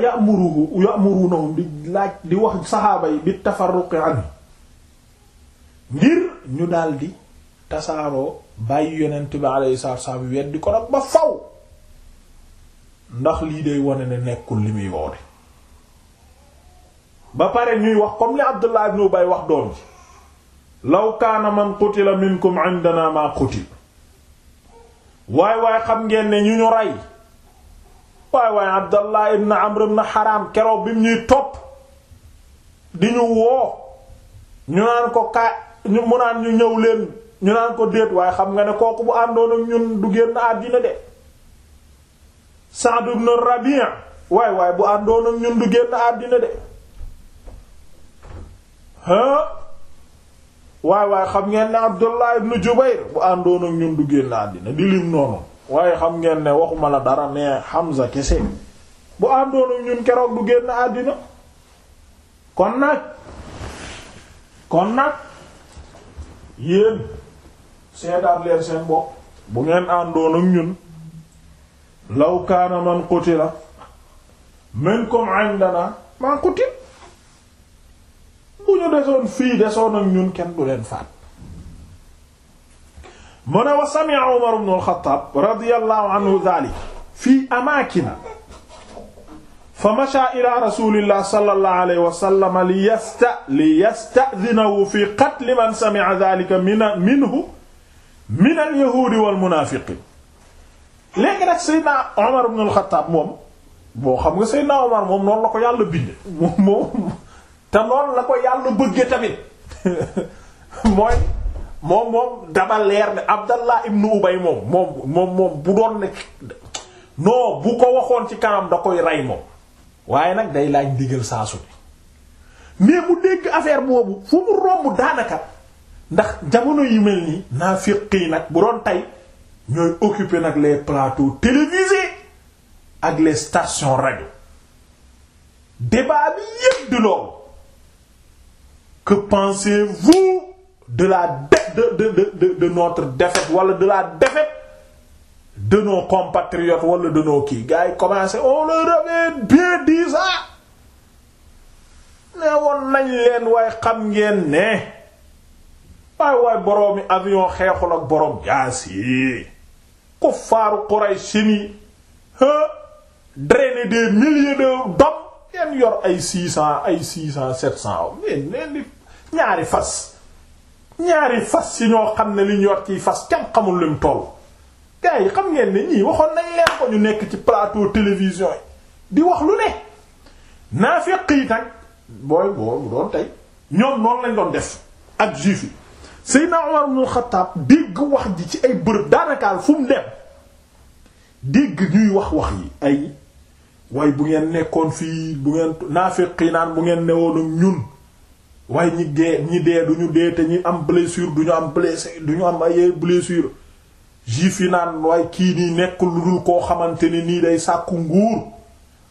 di wax saxaaba yi bi tafarruqi an ngir ñu daal di tasaaroo bàyyi yonent bi alayhi salaatu wa weddi ko ba faw ndax lii de wane ne nekkul li muy woote ba pare ñuy wax comme li Abdullah ibn Ubay wax doom ji law kaana man qutila minkum indana ma qutil waay waay xam ngeen ne ñu ñu rey waay waay Abdallah ibn Amr ibn Haram keroog bi ñuy topp di ñu woo ñu naan ko kaa ñu mu naan ñu ñëw leen ñu naan ko déet waaye xam nga ne kooku bu àndoon ak ñun du génn àddina de Sa'd ibn Rabi' waay waay bu àndoon ak ñun du génn àddina de ah waay waay xam ngeen ne Abdullah ibn Jubayr bu àndoon ak ñun du génn àddina di lim noonu waaye xam ngeen ne waxuma la dara mais Hamza kese bu àndoon ak ñun keroog du génn àddina kon nag kon nag yéen seetaat leen seen bopp bu ngeen àndoon ak ñun. law kaana man qutila minkum indana man qutil bu ñu desoon fii desoon ak ñun kenn du leen faat mu ne wa sami'a Umar ibn al-Khattab radiyallahu anhu dhalik fii amaakina fa masha ila rasulillah sallallahu alayhi wa sallam li yasta li yasta'dhinahu fi qatl man sami'a dhalika minhu min al-yahudi wal munaafiqiin léegi nag Seydina Omar moom boo xam nga Seydina Omar moom noonu la ko yàlla bind moom moom te noonu la ko yàlla bëgge tamit mooy moom moom moom moom bu doon nekk non bu ko waxoon ci kanam da koy rey moom waaye nag day laaj ndigal saa su ne mais mu dégg affaire boobu fu mu romb daanaka ndax jamono yu mel nii naa nag bu doon tey ñooy occuper nag les plateaux télévisés ak les station radio débat bi yépp di loolu que pensez-vous de la de de de de notre défaite wala de la défaite de nos compatriotes wala de nos kii gars commencé on leur avait bien dit ça ne nañ leen waaye xam ngeen ne waaye waaye boroomi avion xeexul ak boroom jaas yi kuffaaru Quraysh ni drainer des milliers de d'hommes ngeen yor ay six cent ay six cent sept cent mais leen di ñaari fas ñaari fas yi ñoo xam ne liñ yor ciy fas kenn xamul luñ toll gars yi xam ngeen ne ñii waxoon nañ leen ko ñu nekk ci plateau télévision yi di wax lu ne naafeq yi nag booy booy bu doon tey ñoom noonu lañ doon def ak juif yi Seydina Umar ibn Xattaab dégg wax ji ci ay bërëb daanakaal fu mu dem dégg ñuy wax wax yi ay waaye bu ngeen nekkoon fii bu ngeen naafiqi naan bu ngeen newoon ak ñun waaye ñi dee ñi dee du ñu dee te ñi am blessure du ñu am blessé du ñu am ay blessure juif yi naan waaye kii nii nekk lu dul koo xamante ni nii day sàkku nguur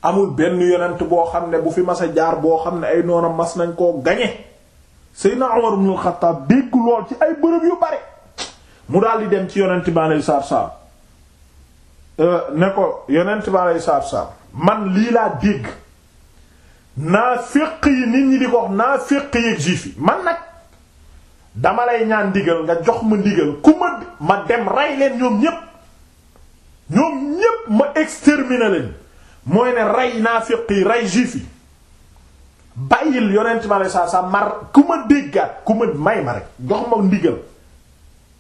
amul benn yonent boo xam ne bu fi mas jaar boo xam ne ay noonam mas nañ koo gañe Seydina Umar ibn al-Khattab dégg lool ci ay bërëb yu bare mu daal di dem ci yonent bi aleyhi salaatu wa salaam euh, ne ko yonent bi aleyhi salaatu wa salaam man lii laa dégg naafiq yi nit ñi di ko wax naafiq yi juif yi man nag dama lay ñaan ndigal nga jox ma ndigal ku ma ma dem rey leen ñoom ñépp ñoom ñépp ma exterminer leen mooy ne rey naafiq yi rey juif yi bàyyil yonent ma saa sa mar ku ma déggaat ku ma may ma rek jox ma ndigal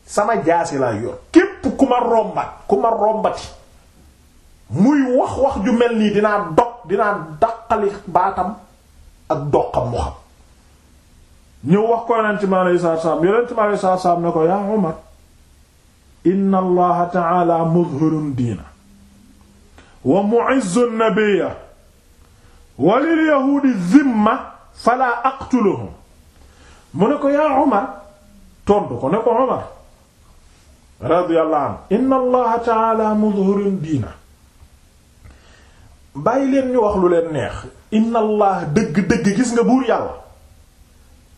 sama jaasi laa yor képp ku ma rombat ku ma rombati muy wax wax ju mel nii dina dog dinaa daqali baatam ak doqam mu xam ñëw wax ko yonent mi aleyhi salaatu salaam yonent mi aleyhi salaatu salaam ne ko yaa Umar inna allaha ta'ala muzhirun diina wa mu'izzun nabiyya walil yahuudi zimma falaa aqtuluhum mu ne ko yaa Umar tontu ko ne ko Umar radiyallahu anhu inna allaha taala mudhirun diina bàyyi leen ñu wax lu leen neex inna allah dëgg-dëgg gis nga buur yàlla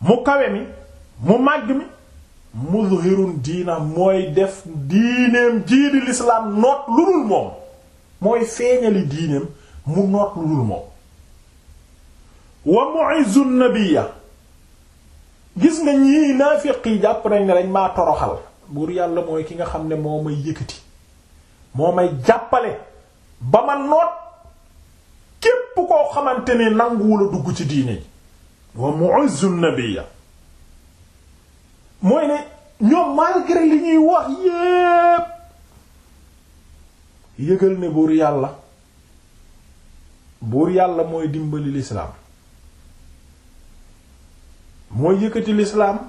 mu kawe mi mu màgg mi mudhirun diina mooy def diineem jii di lislaam noot lu dul moom mooy feeñali diineem mu noot lu dul moom wa mu'izzu nabiyya gis nga ñii naafiq jàpp nañ ne dañ maa toroxal buur yàlla mooy ki nga xam ne moo may yëkkati moo may jàppale ba ma noot képp koo xamante ne nanguwula dugg ci diine ji wa mu'izzu nabiyya mooy ne ñoom malgré li ñuy wax yépp yëgal ne buur yàlla buur yàlla mooy dimbali lislaam mooy yëkkati lislaam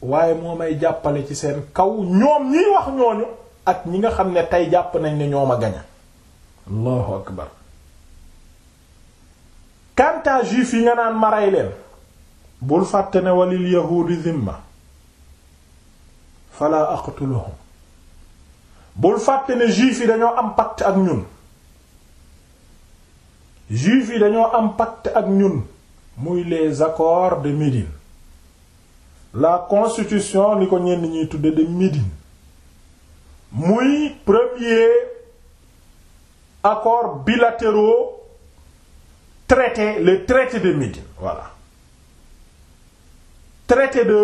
waaye moo may jàppale ci seen kaw ñoom ñiy wax ñooñu ak ñi nga xam ne tey jàpp nañ ne ñoom a gaña allahu akbar kanta juif yi nga naan maray leen bul fàtte ne walil yahuudi zimma fala aqtuluhum bul fàtte ne juif yi dañoo am pacte ak ñun juif yi dañoo am pacte ak ñun muy les accords de Médine la constitution li ko ñenn ñuy tudde de Médine muy premier accord bilatéraux traité le traité de Médine voilà traité de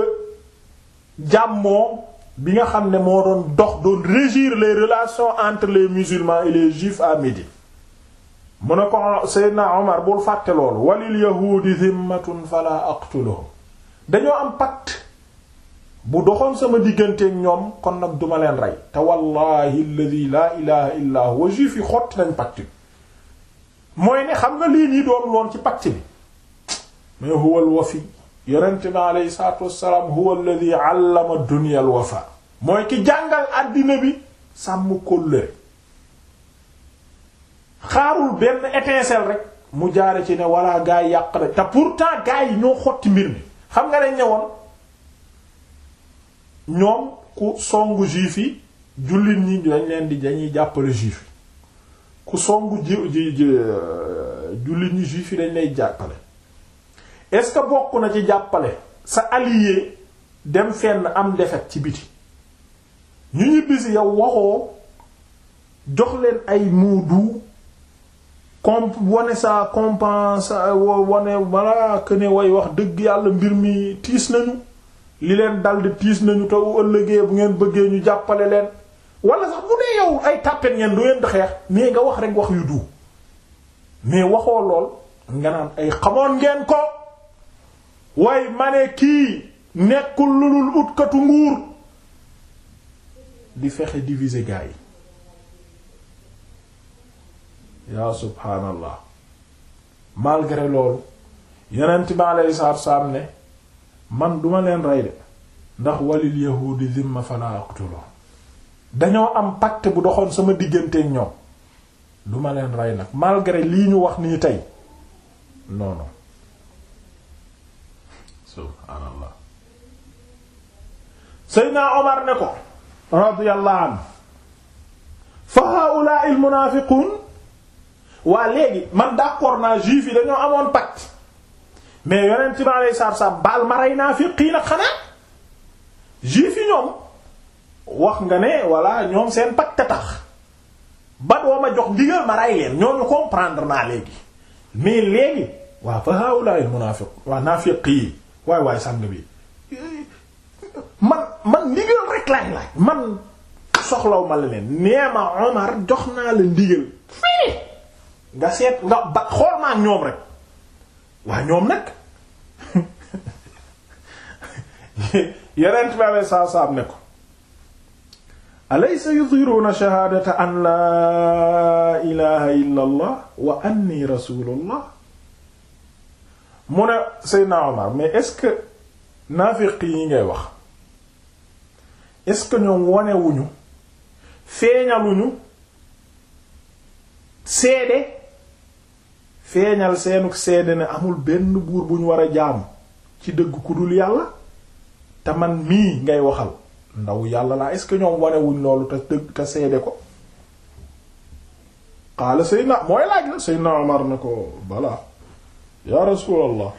jàmmoo bi nga xam ne moo doon dox doon régir les relations entre les musulmans et les juifs à Médine mu ne ko ah, Seydina Omar bul fàtte loolu walil yahuudi zimmatun fala aqtuluhum dañoo am pacte bu doxoon sama digganteek ñoom kon nag duma leen rey te wallahi alladhi laa ilaha huwa juif yi xotti nañ pacte bi mooy ne xam nga lii nii doon loon ci pacte bi mais huwa al wafi yonente bi aleyhi salatu wassalaam huwa alladhi allama dunya al mooy ki jàngal àddina bi sàmm kóllëre xaarul benn étincelle rek mu jaare ci ne walla gaa yi yàq rek te pourtant gaa yi ñoo xotti mbir mi xam nga dañ ne ñoom ku songu juif yi jullit ñi dañ leen di dañuy jàppale juif yi ku songu ji ji euh, jullit ñi juif yi dañ lay jàppale est-ce que bokk na ci jàppale sa allié dem fenn am défaite ci biti ñu ñibbisi yow waxoo jox leen ay muudu comp wane sa compense wane wala que ne way wax dëgg yàlla mbir mi tiis nañu li leen dal di tiis nañu te bu ëllëgee bu ngeen bëggee ñu jàppale leen wala sax bu dee yow ay tàppet ngeen du ngeen di xeex mais nga wax rek wax yu du mais waxoo lool nga naan ay xamoon ngeen ko way mane kii nekkul lu dul utkatu nguur di fexe diviser gars yi. yaa subhaanallah malgré loolu yonent bi alayhi salaatu salaam ne man duma leen rey de ndax walil yahuudi dhimma fala aqtulu dañoo am pacte bu doxoon sama digganteek ñoom duma leen rey nag malgré lii ñu wax nii tey non non subhaanallah seydna omar ne ko radiyallahu anhu fa haa'ulaa'il munaafiquun waa léegi man d'accord naa juif yi dañoo amoon pacte mais yonent bi alayhi salaatu salaam baal ma rey naa fi xii xanaa juif yi ñoom wax nga ne walla ñoom seen pacte tax ba doo ma jox ndigal ma rey leen ñooñu comprendre naa léegi mais léegi waa fa haawulaay munaafiq waa naafiq yi waay waay sàng bi man man ndigal rek laay laaj man soxlaw ma la leen nee ma Omar jox naa la ndigal nga seet nga ba xool ma ñoom rek waa ñoom nag yeneen bi alei saatu salaam ne ko alaysa yudhiruna shahadata an laa ilaha illa wa anni rasulullah mu ne Seydina Omar mais est-ce que naafiq yi ngay wax est-ce ñoom wonewuñu feeñaluñu seede feeñal seenug seede ne amul benn buur bu ñu war a jaamu ci dëgg ku dul yàlla te man mii ngay waxal ndaw yàlla laa est ce que ñoom loolu te dëgg te seede ko xaala Seydina mooy laaj la Seydina Omar na ko balaa ya rasulallah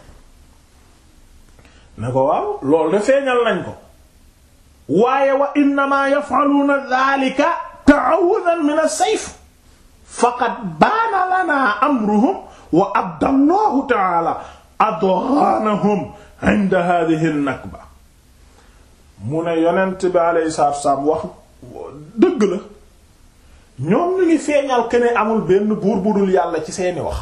ne ko waaw loolu de feeñal nañ ko waaye wa innama yaf'aluna dhalika ta'awudan min as-sayf faqad baana lana amruhum wa abdallahu taala adghanahum inda hadhihi nakba mu ne yonent bi dëgg la ñoom ñu ngi feeñal ke amul benn buur bu yàlla ci seeni wax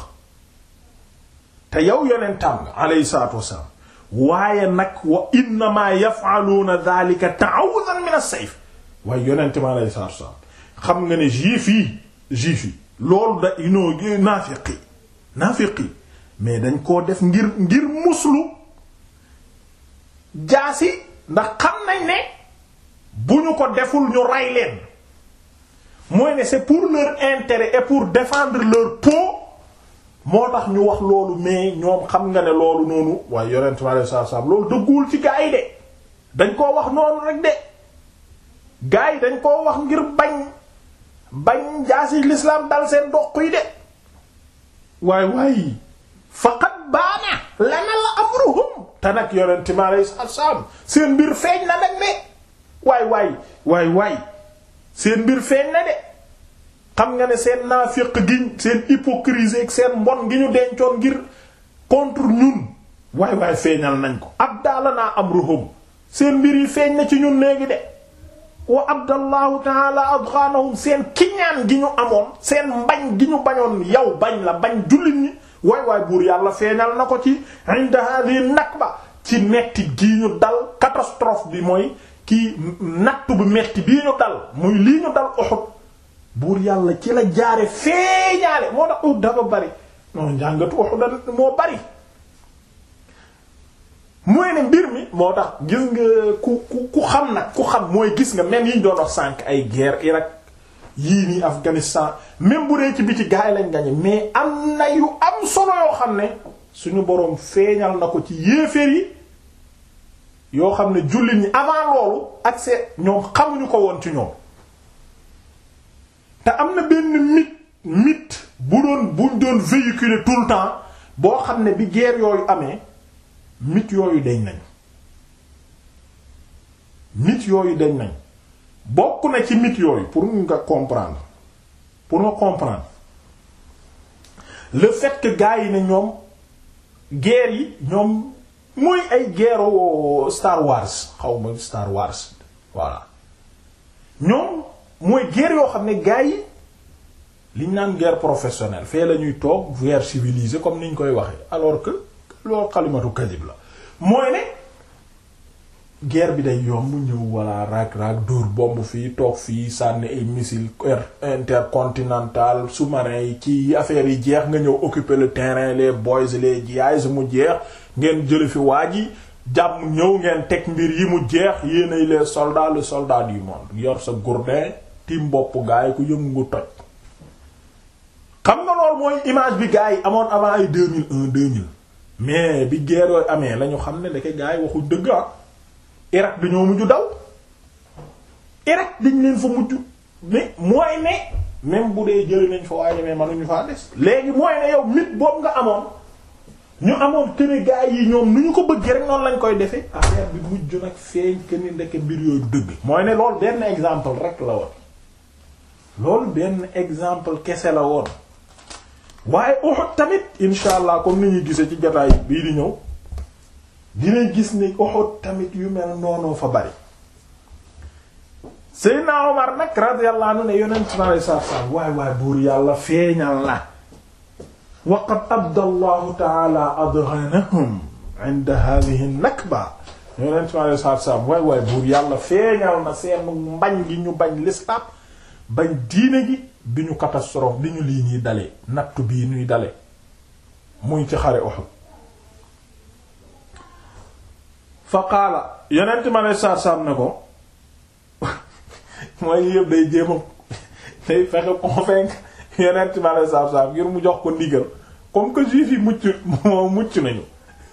te yow yonentam nga alayhi salaatu wassalaam waaye nag wa innama yaf'aluuna dhaalika ta'awwudan min as-sayf waaye yonent bi alayhi salaatu wassalaam xam nga ne juif yi juif da naafiqi naafiq yi mais dañ koo def ngir ngir muslu jaasi ndax xam nañ ne bu ñu ko deful ñu rey leen mooy ne c'est pour leur intérêt et pour défendre leur peau moo tax ñu wax loolu mais ñoom xam nga ne loolu noonu waaye yonent mi aleyhi salaatu salaam loolu dëgguwul ci gaa de dañ koo wax noonu rek de gaa yi dañ koo wax ngir bañ bañ jaasi lislaam dal seen doq yi de waay waay faqat baana lana la amruhum te nag yonent mi alayhi salaam seen mbir feeñ na nag de waay waay waay waay seen mbir feeñ na de xam nga ne seen naafiq gi seen hypocrisie ak seen mbon gi ñu dencoon ngir contre ñun waay waay feeñal nañ ko ab daala naa amruhum seen mbir yi feeñ na ci ñun léegi de wa abdallahu taala adghanahum seen kiñaan gi ñu amoon seen mbañ gi ñu bañoon yow bañ la bañ jullit ñi waay waay buur yàlla feeñal na ko ci inda hadhihi nakba ci metti gii ñu dal catastrophe bi mooy kii nattu bu metti bii ñu dal muy lii ñu dal Uhud buur yàlla ci la jaare feeñaale moo tax Uhud dafa bari non njàngatu Uhud moo bari mooy ne mbir mi moo tax gis nga ku ku ku xam nag ku xam mooy gis nga même yi ñu doon wax sànq ay guerre Irak yii nii Afghanistan même bu dee ci biti gaay lañ gañe mais am na yu am solo yoo xam ne suñu boroom feeñal na ko ci yéeféer yi yoo xam ne jullit ñi avant loolu ak seen ñoom xamuñu ko woon ci ñoom te am na benn mythe mythe bu doon buñ doon véhiculer tout le temps boo xam ne bi guerre yooyu amee mit yooyu dañ nañ mit yooyu dañ nañ bokk na ci mit yooyu pour nga comprendre pour nga comprendre le fait que gars yi ne ñoom guerre yi ñoom mooy ay guerre Star Wars xaw ma Star Wars voilà ñoom mooy guerre yoo xam ne gars yi liñ naan guerre professionnelle fee la ñuy toog guerre civilisée comme niñ koy waxee alors loolu kalimatu kadib la mooy ne guerre bi day yomb ñëw walla raag-raag dóor bomb fii toog fii sànni ay missile intercontinental sous yi ci affaire yi jeex nga ñëw occuper le terrain les boys les GIs mu jeex ngeen jële fi waa yi jàmm ñëw ngeen teg mbir yi mu jeex yéenay les soldats le soldat du monde yor sa gourdin tim bopp gaay ku yëngu toj xam nga loolu mooy image bi gaay amoon avant ay 2001 2000 mais bi guerre amee la ñu xam ne ndeke gaa yi waxuñ dëgg ah Irak dañoo mujj daw Irak dañ leen fa mujj mooy ne même bu dee jëli nañ fa waaye mais ñu faa des. léegi mooy ne yow mit boobu nga amoon ñu amoon këne gaa yi ñoom nu ñu ko bëggee rek noonu lañ koy defee affaire bi mujj nag feeñ këne ndeke mbir yooyu dëgg. mooy ne loolu benn exemple rek la woon loolu benn exemple kese la woon. waaye Uhud tamit incha allah comme ni ci jotaay bii di ñëw dinañ gis ni Uhud tamit yu mel noonu fa bari Seydina Omar nag radiyallahu anhu ne yonent bi alayhi salaatu salaam waay waay buur yàlla feeñal na waqad yàlla feeñal seen mbañ gi ñu bañ lislaam bañ diine gi bi ñu catastrophe bi ñu lii ñuy dale nattu bii ñuy dale muy ci xare Uhud fa qaala yonent ma ne saar-saam ne ko mooy yëpp day jéema day fexe convaincre yonent ma ne saar-saam ngir mu jox ko ndigal comme que juif yi mucc moo mucc nañu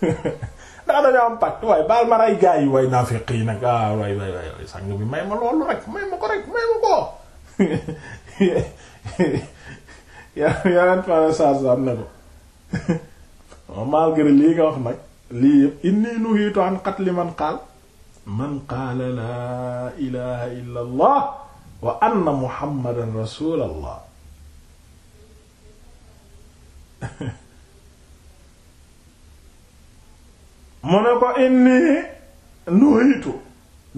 ndax dañoo am pacte waaye baal ma rey gaa yi way naafiq yi nag ah waay waay waay sang bi may ma loolu rek may ma ko rek may ma ko yonent ma saasam ne ko malgré lii nga wax nag lii inni nuhitu an qatli man qaal man qaala laa ilaha illa allah wa anna muhammadan rasulallah mu ne ko inni nuhitu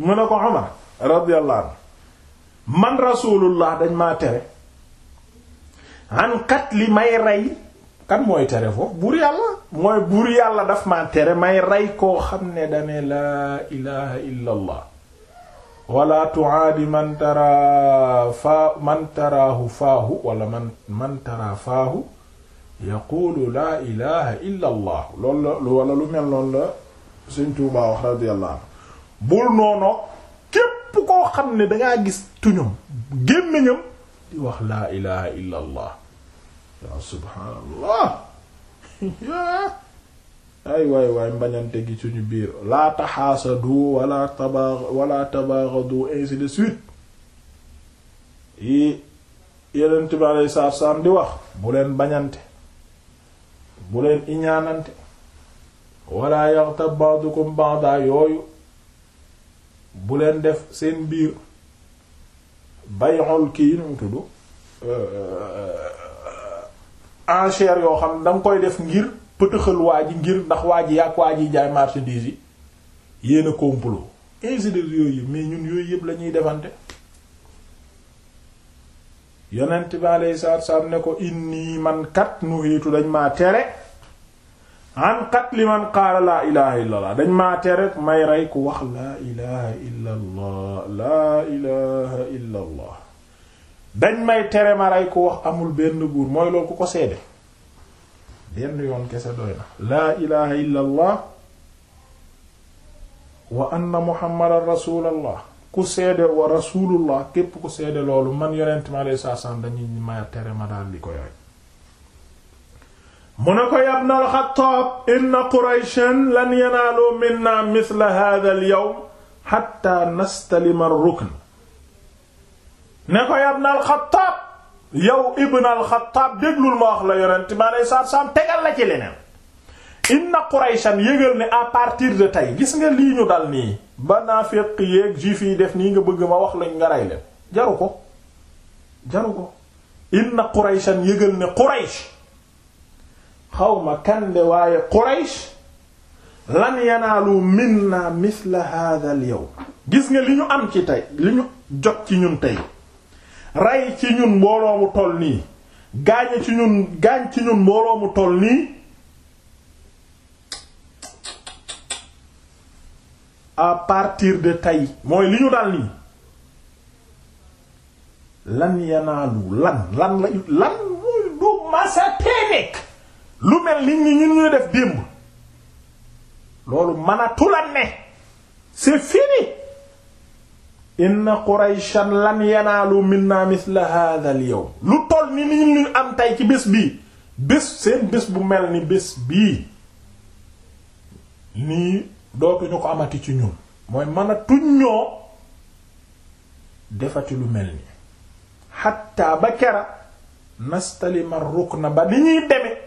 mu ne ko Umar radiyallahu anhu man rasulullah dañ maa tere an kat may rey kan mooy tere foofu buur yàlla mooy buur yàlla daf maa tere may rey koo xam ne dane laa ilaha illa allah wala tuaadi man mel noonu la Sëriñ Tuubaa wax radiyallahu noono koo xam ne dangaa gis tuñam gémmiñam di wax laa ilaha illa allah ya subhaanallah ay waay waay mbañante gi suñu biir laa taxaasadu wala taba wala tabaghadu ainsi de suite yi yenent bi alei salaatu salaam di wax bu leen bañante bu leen iñaanante wala yaghtab ba'dukum ba'da yooyu bu leen def seen biir bay'ul kii nu mu tudd euh, euh, euh, enchère yoo xam da nga koy def ngir pëtëxal waa ji ngir ndax waa ji yàq waa ji jaay marchandise yi yéen a complot ainsi yooyu mais ñun yooyu yëpp la ñuy defante yonent bi alayhi salaatu wa ne ko inni man kat nuhiitu dañ maa tere an qatli man qaala laa ilaha illa dañ maa tere may rey ku wax laa ilaha illa laa ilaha illa dañ may tere ma rey ku wax amul benn buur mooy loolu ku ko seede benn yoon kese doy na laa ilaha illa allah wa anna muhammadan rasulullah ku seede wa képp ku seede loolu man yonent ma saa sam dañuy ma tere ma daal di koy rey mu ne ko ya ibnal Xattaab inna Qurayshan lan yanaalu minna mithla haadha al-yawm hatta nastalima ar ne ko ya ibnal yow ibnal Xattaab déglul ma wax la yonent maa lay saat saam tegal la ci leneen inna Qurayshan yëgal ne à partir de tey gis nga lii ñu dal nii ba naafeq yeeg juif yi def nii nga bëgg ma wax lañ nga rey leen jaru ko jaru ko inna Qurayshan yëgal ne Quraysh xawma kande waaye Quraysh lan yanaalu minna mithla hadha al yawm gis nga li ñu am ci tey li ñu jot ci ñun tey rey ci ñun mbooloo mu toll nii gaañ ci ñun gaañ ci ñun mbooloo mu nii à partir de tey mooy li ñu dal nii lan yanaalu lan lan la lan mooy du masa teenekk lu mel ni ñu ñun def démb loolu mën a tulan ne c'est fini inna lan yanaalu minna mithla hadha al yawm lu toll ni ni ñu am tey ci bés bii bés seen bés bu mel ni bés bii nii dootuñu ko amati ci ñun mooy mën a tuñ ñoo defati lu mel ni xatta ba kera nastalima rukna ba li ñuy deme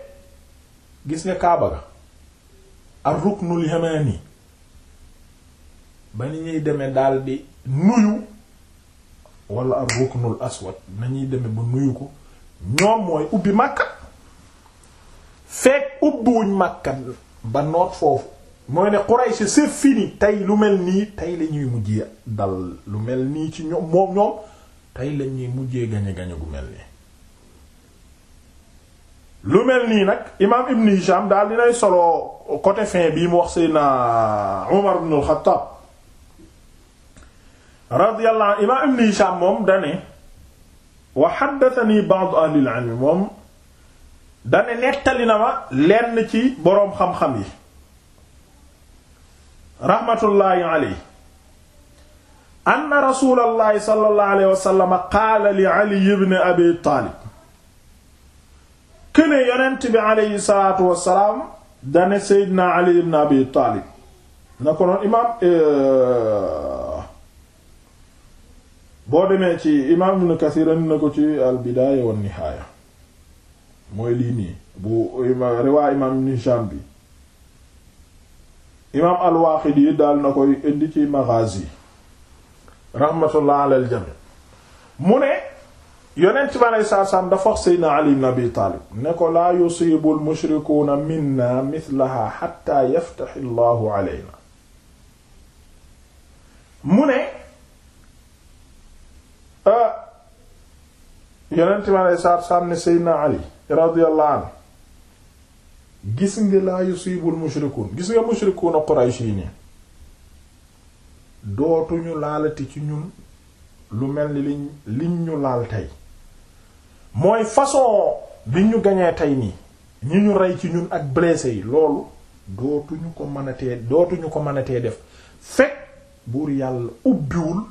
gis nga Kaaba ga ar ruknul yamani ba ni ñuy deme daal di nuyu wala ar ruknul aswad nañuy demee ba nuyu ko ñoom mooy ubbi Makka fekk ubbiwuñ Makka ba noot foofu mooy ne Quraysh c'est fini tey lu mel nii tey la ñuy mujjee dal lu mel nii ci ñoom moom ñoom tey la ñuy mujjee gañe gañe gu mel nii lu mel nii nag imaam Ibn Hisham daal dinay solo côté fin bii mu wax Seydina Umar ibn al-Khattab imaam Ibn Hisham moom dane wa haddathani ba'd ahli al moom dane nettali na ma lenn ci boroom xam-xam yi rahmatullahi alayhi anna rasulullahi sallallahu alayhi wa li Ali ibn Abi Talib këne yonent bi aleyhi salaatu wassalaam dane seydina ali ibn taalib na ko noon imaam eh, boo demee ci imaam ibn kathir na ko ci al bidaaya wan nihaaya mooy lii nii bu riwaa imaam ibn hisham bi imaam al waaqidi daal na koy indi ci maghazi rahmatullah alal jami mu ne yonent bi aleyhi salaatu salaam dafa wax Seydina Ali ibn Abi Taalib ne ko laa yusiibu al-mushrikuuna minna mislahaa hattaa yaftahi Allahu aleynaa mu ne yonent bi aleyhi salaatu salaam ne Seydina Ali radiyallahu anhu gis nga laa yusiibu al-mushrikuun gis nga mushrikuuna Quraysh yi nii laalati ci ñun lu mel ni liñ liñ ñu laal tey mooy façon bi ñu gañee tey nii ñu ñu rey ci ñun ak blessé yi loolu dootuñu ko mënatee dootuñu ko mënatee def fekk buur yàlla ubbiwul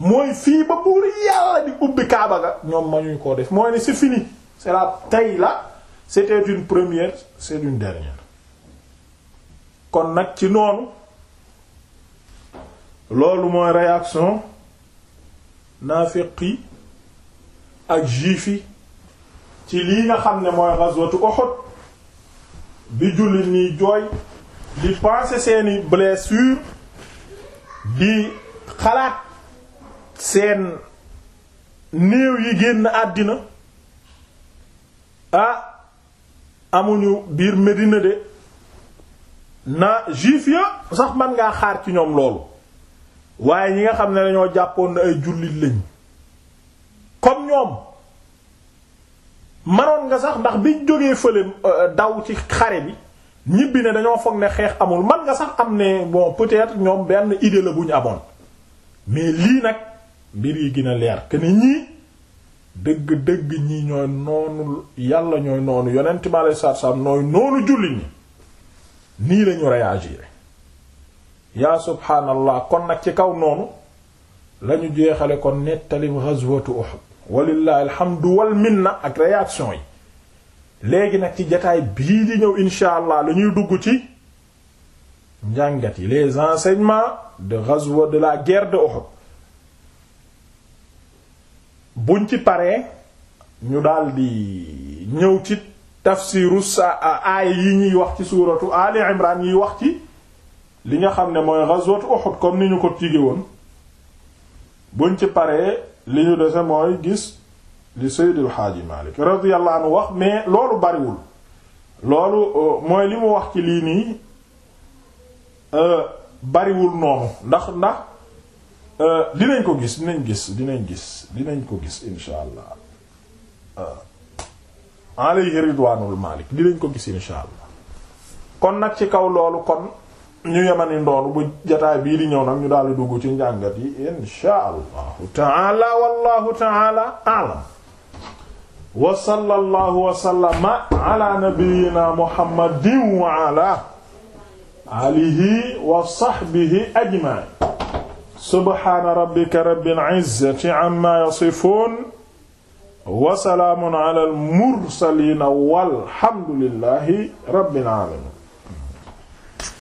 mooy fii ba buur yàlla di ubbi kaaba ga ñoom mañuñ koo def mooy ne si fini c'est la tey la c'était une première c'est une dernière kon nag ci noonu loolu mooy réaction naafiqi ak juif yi ci lii nga xam ne mooy ghazwatu Uhud bi jullit ñiy jooy di penser seeni blessure di xalaat seen néew yi génn àddina a ah, amuñu biir Medina de na juif ya sax mën ngaa xaar ci ñoom loolu waaye ñi nga xam ne dañoo jàppoon na ay jullit lañ comme ñoom manoon nga sax ndax biñ jógee fële euh, daw ci xare bi ñibbi ne dañoo foog ne xeex amul man nga sax am ne bon peut ñoom benn idée la bu ñu amoon mais lii nag mbir yi gën leer que ni ñii dëgg-dëgg ñi ñooy noonu yàlla ñooy noonu yonent mi alayhi salaatu nooy noonu julli ñi nii lañu réagir yaa subhaanallah kon nag ci kaw noonu lañu jeexale kon nettali ghazwatu Uhud walillahi alhamdu wal minna ak réaction yi léegi nag ci jataay bii di ñëw incha allah la ñuy dugg ci njàngat yi les enseignements de ghazwa de la guerre de Ouhoud buñ ci paree ñu di ñëw ci tafsiru sa aaya yi ñuy wax ci suuratu Ali Imran yi wax ci li nga xam ne mooy ghazwatu Ouhoud comme ni ñu ko tige woon buñ ci paree li ñu dese mooy gis li Seydil Xaaji Malik radiyallahu anhu wax mais loolu bariwul loolu euh, mooy li mu wax ci lii nii euh, bariwul noonu ndax ndax euh, dinañ ko gis dinañ gis dinañ gis dinañ ko gis insha allah alayhi ridwaanul Malik dinañ ko gis insha allah kon nag ci kaw loolu kon ñu yemani ndoonu bu jataay bii di ñëw nag ñu daal di dugg ci njàngat yi inshaa allahu taala wallahu taala a'lam wa sallallahu wa sallama ala nabiyyina muhammadin wa ala alihi wa sahbihi ajma'in subhana rabbika rabbil izzati amma yasifun wa salaamun ala al mursalin walhamdulillahi rabbil alamin